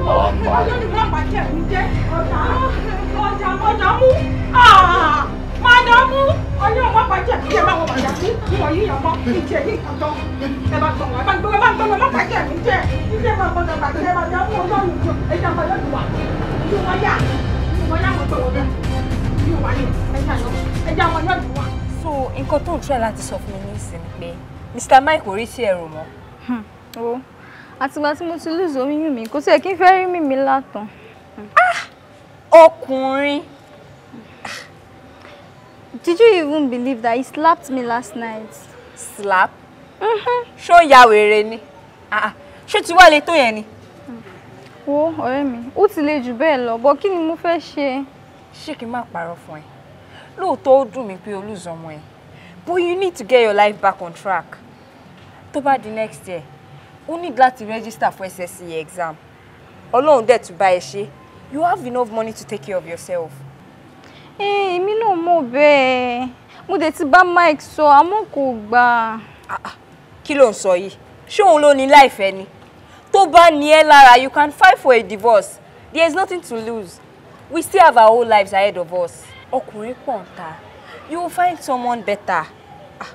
àwọn àpá rẹ̀. ọmọ pàjẹ kí ẹ bá bàjá sí ìwọ yìí yàn mọ ìjẹ yìí kan ẹ bá gbọmọ bá gbọmọ ẹ bá gbọmọ ọmọ pàjẹ mi jẹ ìjẹ máa gbọdọ pàjẹ madamu ọyọ ìjọ ẹjẹ àbáyọ ìwà ìwọ yà so in tó ń try láti sọ fún mi Mr. Mike ò rí sí ẹrù mọ́. Hmm, o àtìgbà tí mo ti lùzọ oyún mi kò tiẹ̀ kí n fẹ́ rí mímí látàn. Ah! ọkùnrin. Did you even believe that he slapped me last night? Slap? Mm-hmm. ṣó ya wèrè ni ṣó ah. Show ah, le tó yẹn ni wo ọ̀rẹ́ mi ó ti le jù bẹ́ẹ̀ lọ bọ́ kí ni mo fẹ́ ṣe. ṣé kí n má parọ́ fún ẹ lóòótọ́ ó dùn mí pé o ọmọ ẹ but you need to get your life back on track tó bá di next year o need láti register for SSC exam ọlọ́run dẹ̀ tún bá ẹ ṣe you have enough money to take care of yourself. èmi náà mọ̀ bẹ́ẹ̀ mo dẹ̀ ti bá Mike sọ àmọ́ kò gbà. Ah, ah, kí ló ń sọ yìí ṣé òun ló ní láìfẹ́ ni tó bá ní ẹ lára you can fight for a divorce there is nothing to lose we still have our whole lives ahead of us ọkùnrin pọ̀ ta you will find someone better ah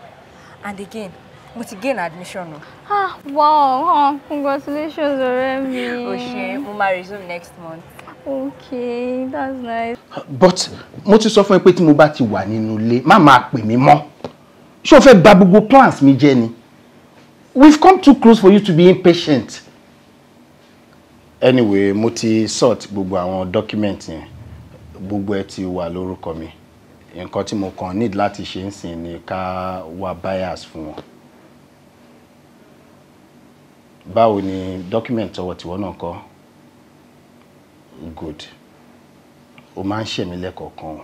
and again mo ti gain admission o. ah wow ah congratulations ọ̀rẹ́ mi. o ṣe mo máa resume next month. okay that's nice. but mo ti sọ fún ẹ pé tí mo bá ti wà nínú ilé má máa pè mí mọ́ ṣé o fẹ́ bà gbogbo plans mi jẹ́ ni we've come too close for you to be impatient anyway mo ti sort gbogbo àwọn document yẹn gbogbo ẹ ti wà lórúkọ mi nǹkan tí mo kàn need láti ṣe ń sìn ni ká wá buyers fún wọn. báwo ni document ọwọ́ tiwọn náà kọ́ good o máa ń ṣe mí lẹ́kọ̀ọ̀kan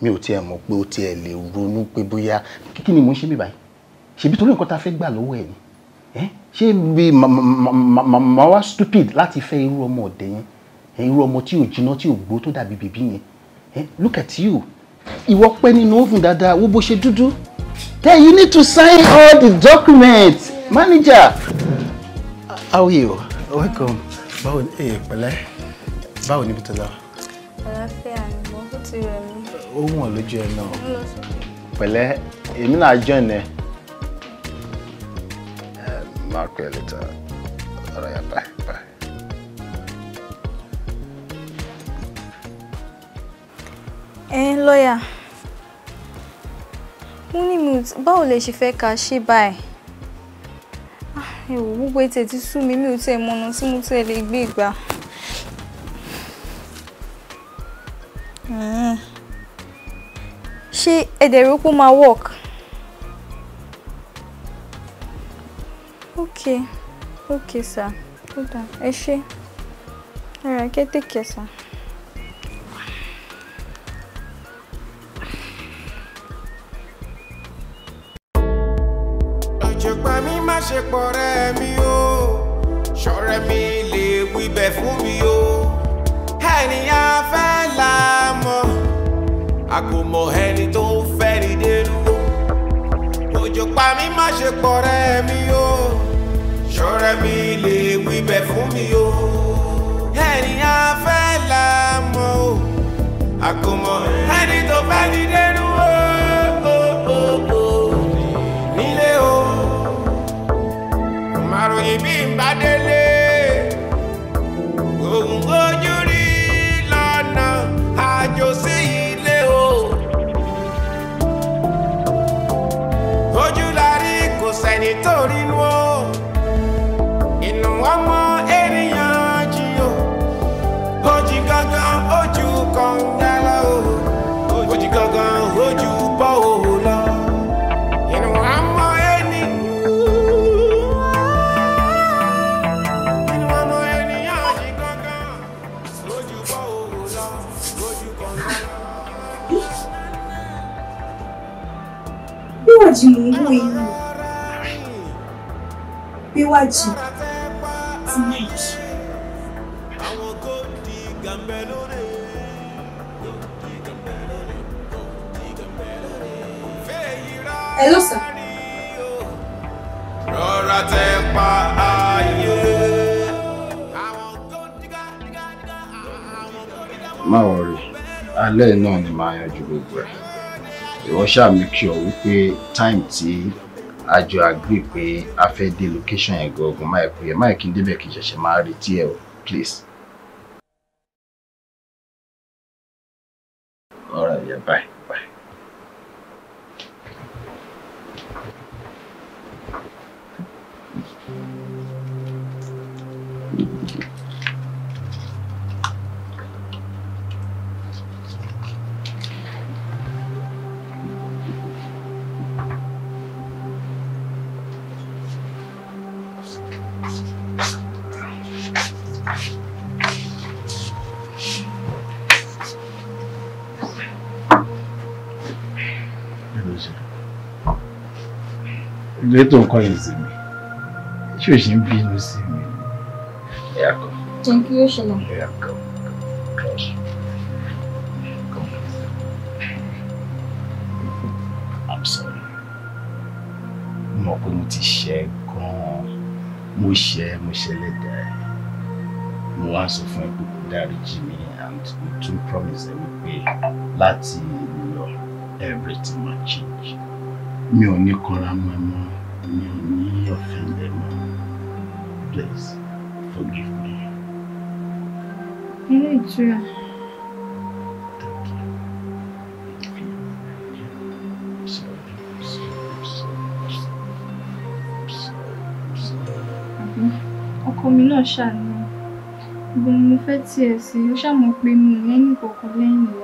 mi ò tiẹ̀ mọ̀ pé o tiẹ̀ lè ronú pé bóyá kí ni mo ń ṣe mí báyìí ṣèbí torí nǹkan tá fẹ́ gbà lọ́wọ́ ẹ̀ ni Eh? ṣé bí màmá wa stupid láti fẹ́ irú ọmọ ọ̀dẹ̀ yẹn eh, irú ọmọ tí ò jiná tí ò gbó tó dàbí bèbí yẹn eh, look at you ìwọ pẹ́ nínú oven dáadáa wo bó ṣe dúdú then you need to sign all the documents manager how are you welcome báwo ni ẹ pẹ̀lẹ́ báwo ni bí tó lọ. àlàáfíà ni mo kú ti rẹ̀ mí. ó wọ̀n lójú ẹ náà pẹ̀lẹ́ èmi náà join ẹ. I'll call later. All right, bye, bye. Eh, lawyer. Money moves, báwo lẹ ṣe fẹ́ ká ṣe báyìí? Ìwò ah, gbogbo ètò ti sú mi, mi ò tẹ̀ mọ̀nà tí mo tẹ̀ lè gbé ìgbà. Hmm. Ṣé ẹ̀dẹ̀ rò máa work? okay okay sir hold on Is she? all right okay take care sir. Adéwájì ti méjì. Hello sir. Rọra tẹ pa ayé. Má wọrí, alẹ́ náà ni màá yanjú gbogbo ẹ̀. Ìwọ ṣáà mi kí ọ wípé táìmù tí a jọ agree pé a fẹ́ dé location yẹn gangan máa kú yẹn máa kí n débẹ̀ kí n ṣẹ̀ṣẹ̀ máa retí ẹ o please. dé tó ń kọrin sí mi ṣé o ṣe ń bínú sí mi. I'm sorry. mo mọ̀ pé mo ti ṣe é gan-an mo ṣe é mo ṣe lẹ́dàá ẹ̀ mo wá sọ fún ẹ pé kò dáríjì mi and we do promise ẹ wípé láti ìlú lọ everything ma change mi ò ní kanra mọ́ ẹ mọ́ mi ò ní ọ̀fìn bẹ́ẹ̀ mọ́ please forgive me. ilé ìtura. ọkọ mi náà ṣàánú gbogbo mo fẹ́ tiẹ̀ sí ó ṣàmọ̀ pé mi ò lẹ́yìn kọ̀ọ̀kan lẹ́yìn wa.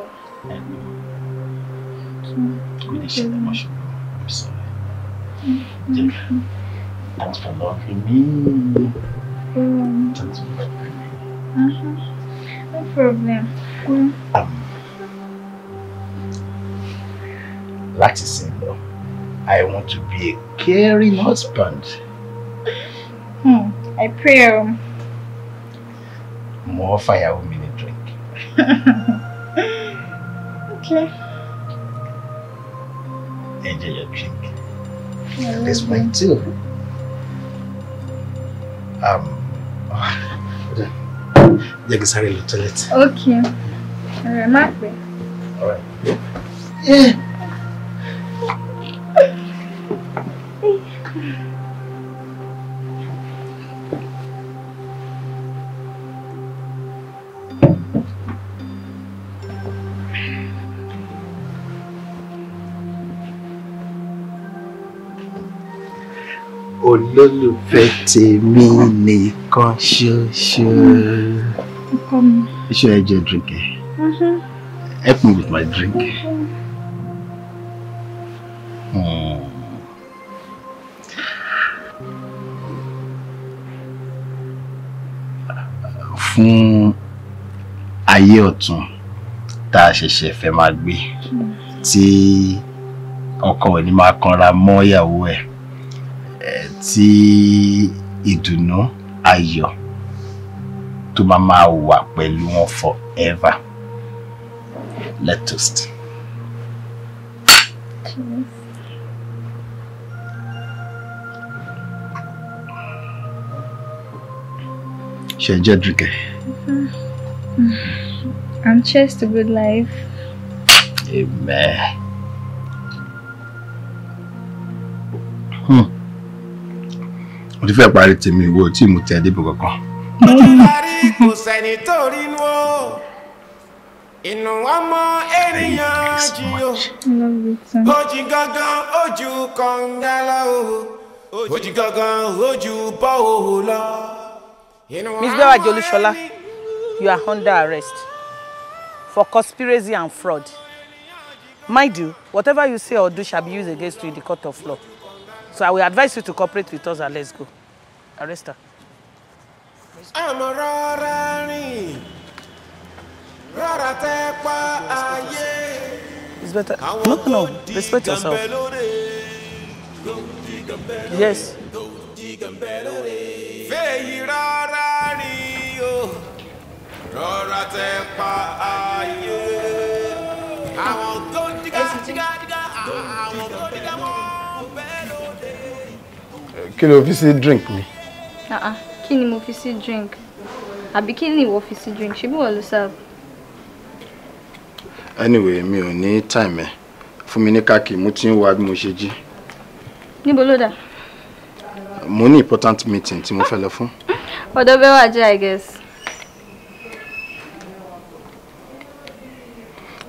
Thanks for loving me. Thanks for loving me. No problem. Um, to say, though, I want to be a caring husband. Hmm, I pray. Um, Mo fàyàwó women drink. okay. Enjoy your drink at this point too. Um, jẹ́ sorry. sáré toilet. Okay. All right, Mark. All right. Yeah. olólùfẹ́ tèmi nìkan ṣoṣo. Ṣé ẹ jẹ́ drink ẹ? Uh-huh. Help me with my drink. Mm. Fún ayé ọ̀tún tá a ṣẹ̀ṣẹ̀ fẹ́ máa gbé hmm. tí ọkọ ẹ̀ ní máa kanra mọ́ ìyàwó ẹ̀ tí ìdùnnú ayọ̀ tó máa máa wà pẹ̀lú wọn forever Let us. Cheers. Ṣé jẹ́ dùnkẹ́. And cheers to good life. Amen. mo ti fẹ́ parí tèmi ìwọ tí mo tẹ̀ débò kankan. olùdarí kò sẹ́ni tó rí inú o inú ọmọ ènìyàn jì o ojì gangan ojú kọ̀ǹga lọ o ojì gangan ojú bọ́ òhò lọ. Miss Bewaje Olusola, you are under arrest for conspiracy and fraud. Mind you, whatever you say or do shall be used against you in the court of law. So I will advise you to cooperate with us and let's go. Arrest her. Àmọ́ rọra rìn, rọra tẹ́ pa It's better. No, no, respect yourself. Yes. Fèyí rọra rìn o, rọra tẹ́ pa ayé. Àwọn tó ń diga diga kí ló fi drink mi. Ah, ah, kí ni mo fi sí drink àbí kí ni ìwọ fi sí drink ṣé bí wọ́n ló serve. anyway mi ò ní time ẹ fún mi ní káàkiri mo ti ń wá bí mo ṣe jí. níbo ló dà. mo ní important meeting tí mo fẹ́ lọ fún. ọ̀dọ̀ bẹ́ẹ̀ wà jẹ́ i guess.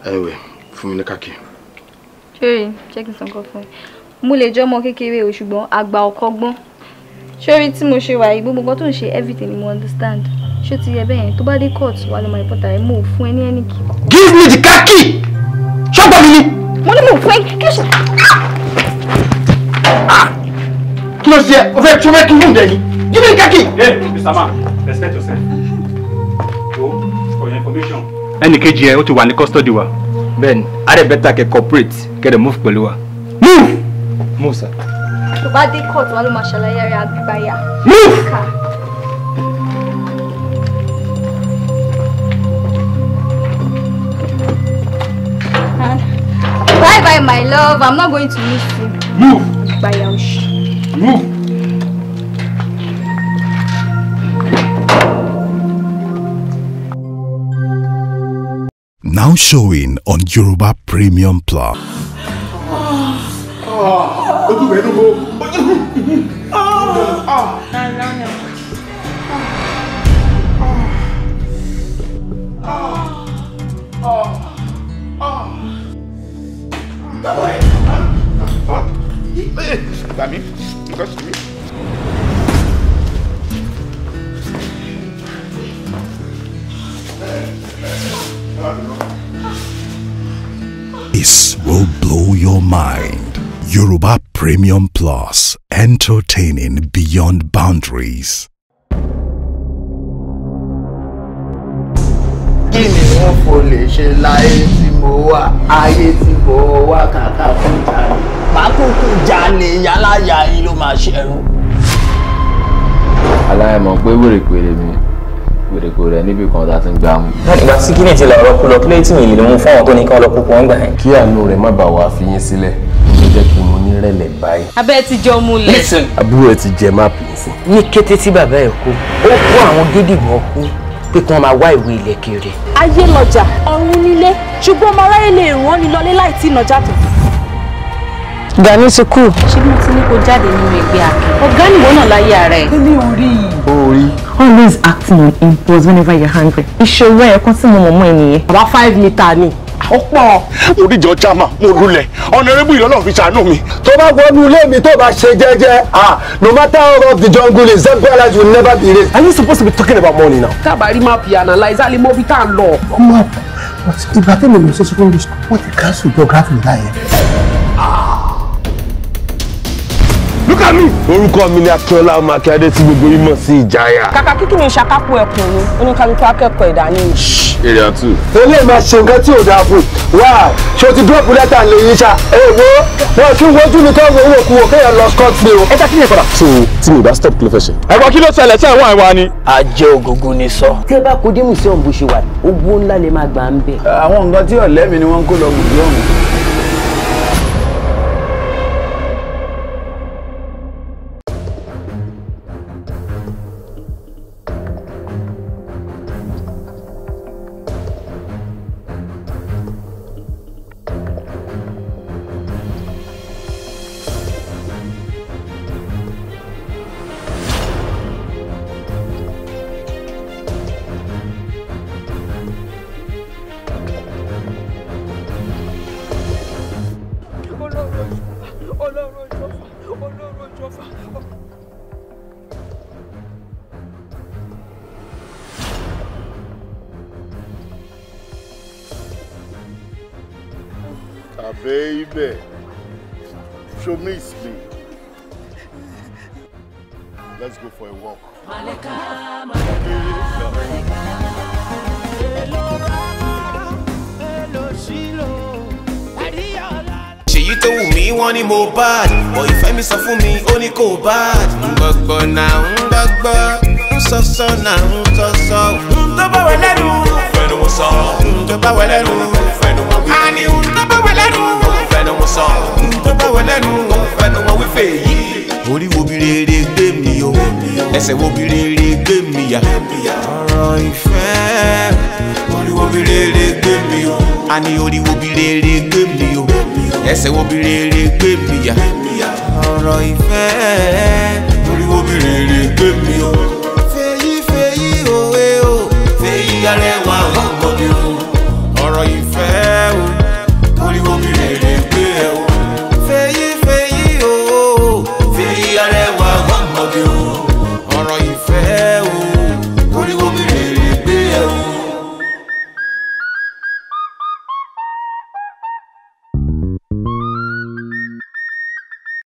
anyway fún mi ní káàkiri. jerry check in some coffee mo lè jẹ́ kékeré o ṣùgbọ́n àgbà ọkọ gbọ́n ṣórí tí mo ṣe wà yìí gbogbo nǹkan tó ń ṣe everything ni mo understand ṣó ti yẹ bẹ́ẹ̀ tó bá dé court wà ló máa ẹ̀ mò fún ẹ ní ẹnì kí. give me the car key ṣọ́gbà mi ni. mo ní mò fún ẹ kí ṣe. kí ló ṣe o fẹ́ ṣọfẹ́ kí n wúndẹ̀ ni give me the car key. hey mr man respect yourself o for your information. ẹnì kejì ẹ ó ti wà ní custody wa. bẹ́ẹ̀ni a dẹ bẹ ta kẹ cooperate kẹ move pẹ̀lú wa. move. move sir. tó bá dé court wa ló máa ṣàlàyé rẹ̀ àgbáyà. move. Bye bye, my love. I'm not going to miss you. Move. Bye, Yaoshi. Move. Now showing on Yoruba Premium Plus. 아, 너도 왜 누고? 아, 아, 난 라면. 아, 아, 아, 아, Dami, you got me. This will blow your mind. Yoruba Premium Plus, entertaining beyond boundaries. kí ni wọ́n kò ṣe láyé tí mo wà ayé tí mo wà kàkà fún jalè. bákùkù jalè yálàyà yín ló máa ṣẹrun. aláìmọ̀ pé wèrèpèrè mi gbèdéko rẹ níbi kan tá a ti ń gbà mú. ìgbà tí kíni ti làwọn ọkọ lọ kí lẹ́yìn tí mi lè mú fún àwọn tó ní kí wọ́n lọ kókó wọn gbà yẹn. kí àánú rẹ má bàa wá fi yín sílẹ̀ ló jẹ́ kí mo ní rẹ̀lẹ̀ báyìí. abẹ́ ti jọ mú lẹ̀. àbúrò ẹ ti jẹ máàpù nísìn. ní kété tí bàbá ẹ kú ó kó àwọn gédìgbò kú pé kí wọ́n máa wá ìwé ilẹ̀ kiri. ayé lọjà ọ̀run nílé ṣùgbọ́n ọmọ aráyé lè rán ni lọlé láì tí ì nàjà tó. Gani ti kú. Ṣé mo ti ní kó jáde nínú ẹgbẹ́ àkẹ́? Ọ̀gá nìwọ náà láyé ara ẹ̀. Kíni orí? Orí. Always acting on impulse whenever you're hungry. Ìṣòro ẹ̀ kan tí mo mọ̀ mọ́ ẹ nìyẹn. Àbá five litre ni ọ̀pọ̀. oríjọ jama mo lulẹ̀ ọ̀nàrẹ́bù ìlọ́lọ́ fi ṣàánú mi. tó bá wọnú ilé mi tó bá ṣe jẹ́jẹ́ ah no matter how rough the jungle is that will never be raised. are you supposed to be talking about money now. tábàárí máa fi analyze alẹ́ mọ́bí tá à ń lọ. ọmọ ìgbà tẹ́lẹ̀ mi ò ṣe secondary school wọ́n ti cancel geography láyẹn look at me. orúkọ mi ni akínọlá ọmọ akíndé tí gbogbo yín mọ̀ sí ìjayà. kàkà kíkì mi ṣàkápò ẹkùn mi oníkálukú akẹ́kọ̀ọ́ ìdání mi. èrè àtú. eléyìí máa ṣe nǹkan tí ò dáa fún wa ṣé o ti dúrọ́pù lẹ́tà lè yín ṣá èèwọ̀ wọn kí wojú mi kọ́ owó òkú wò kéèyàn lọ scott pé o. ẹ jẹ́ kí ni ìpadà. so tí mi bá stop kí ló fẹ́ ṣe. ẹ̀gbọ́n kí ló ṣẹlẹ̀ sí àwọn àìwá ni. àjẹ ògógó ni sọ. tí ẹ bá kojú mùsíọ̀mù bó ṣe wà ogbó ńlá lè máa gbà ń bẹ̀. àwọn nǹkan tí ọ̀lẹ́ mi ni wọ́n ń kó lọ mùsíọ̀mù. mo bad ọ̀ ìfẹ́ mi sọ fún mi ó ní kò bad. gbọ̀gbọ̀ na ń gbọ́gbọ́ ń sọ́sọ́ nà ń sọ́sọ́. ń tó bá wẹ̀ lẹ́nu. fẹ́nu mo sọ. ń tó bá wẹ̀ lẹ́nu. fẹ́nu mo wí. àní ń tó bá wẹ̀ lẹ́nu. fẹ́nu mo sọ. ń tó bá wẹ̀ lẹ́nu. fẹ́nu mo wí fè yí. orí wo bí rere gbé mi o ẹsẹ̀ wo bí rere gbé mi yà. ọ̀rọ̀ ìfẹ́ orí wo bí rere gbé mi o a ní oríwo bí rere gbé mi o ẹsẹ̀ wo bí rere gbé mi yà ọ̀rọ̀ ìfẹ́ oríwo bí rere gbé mi o.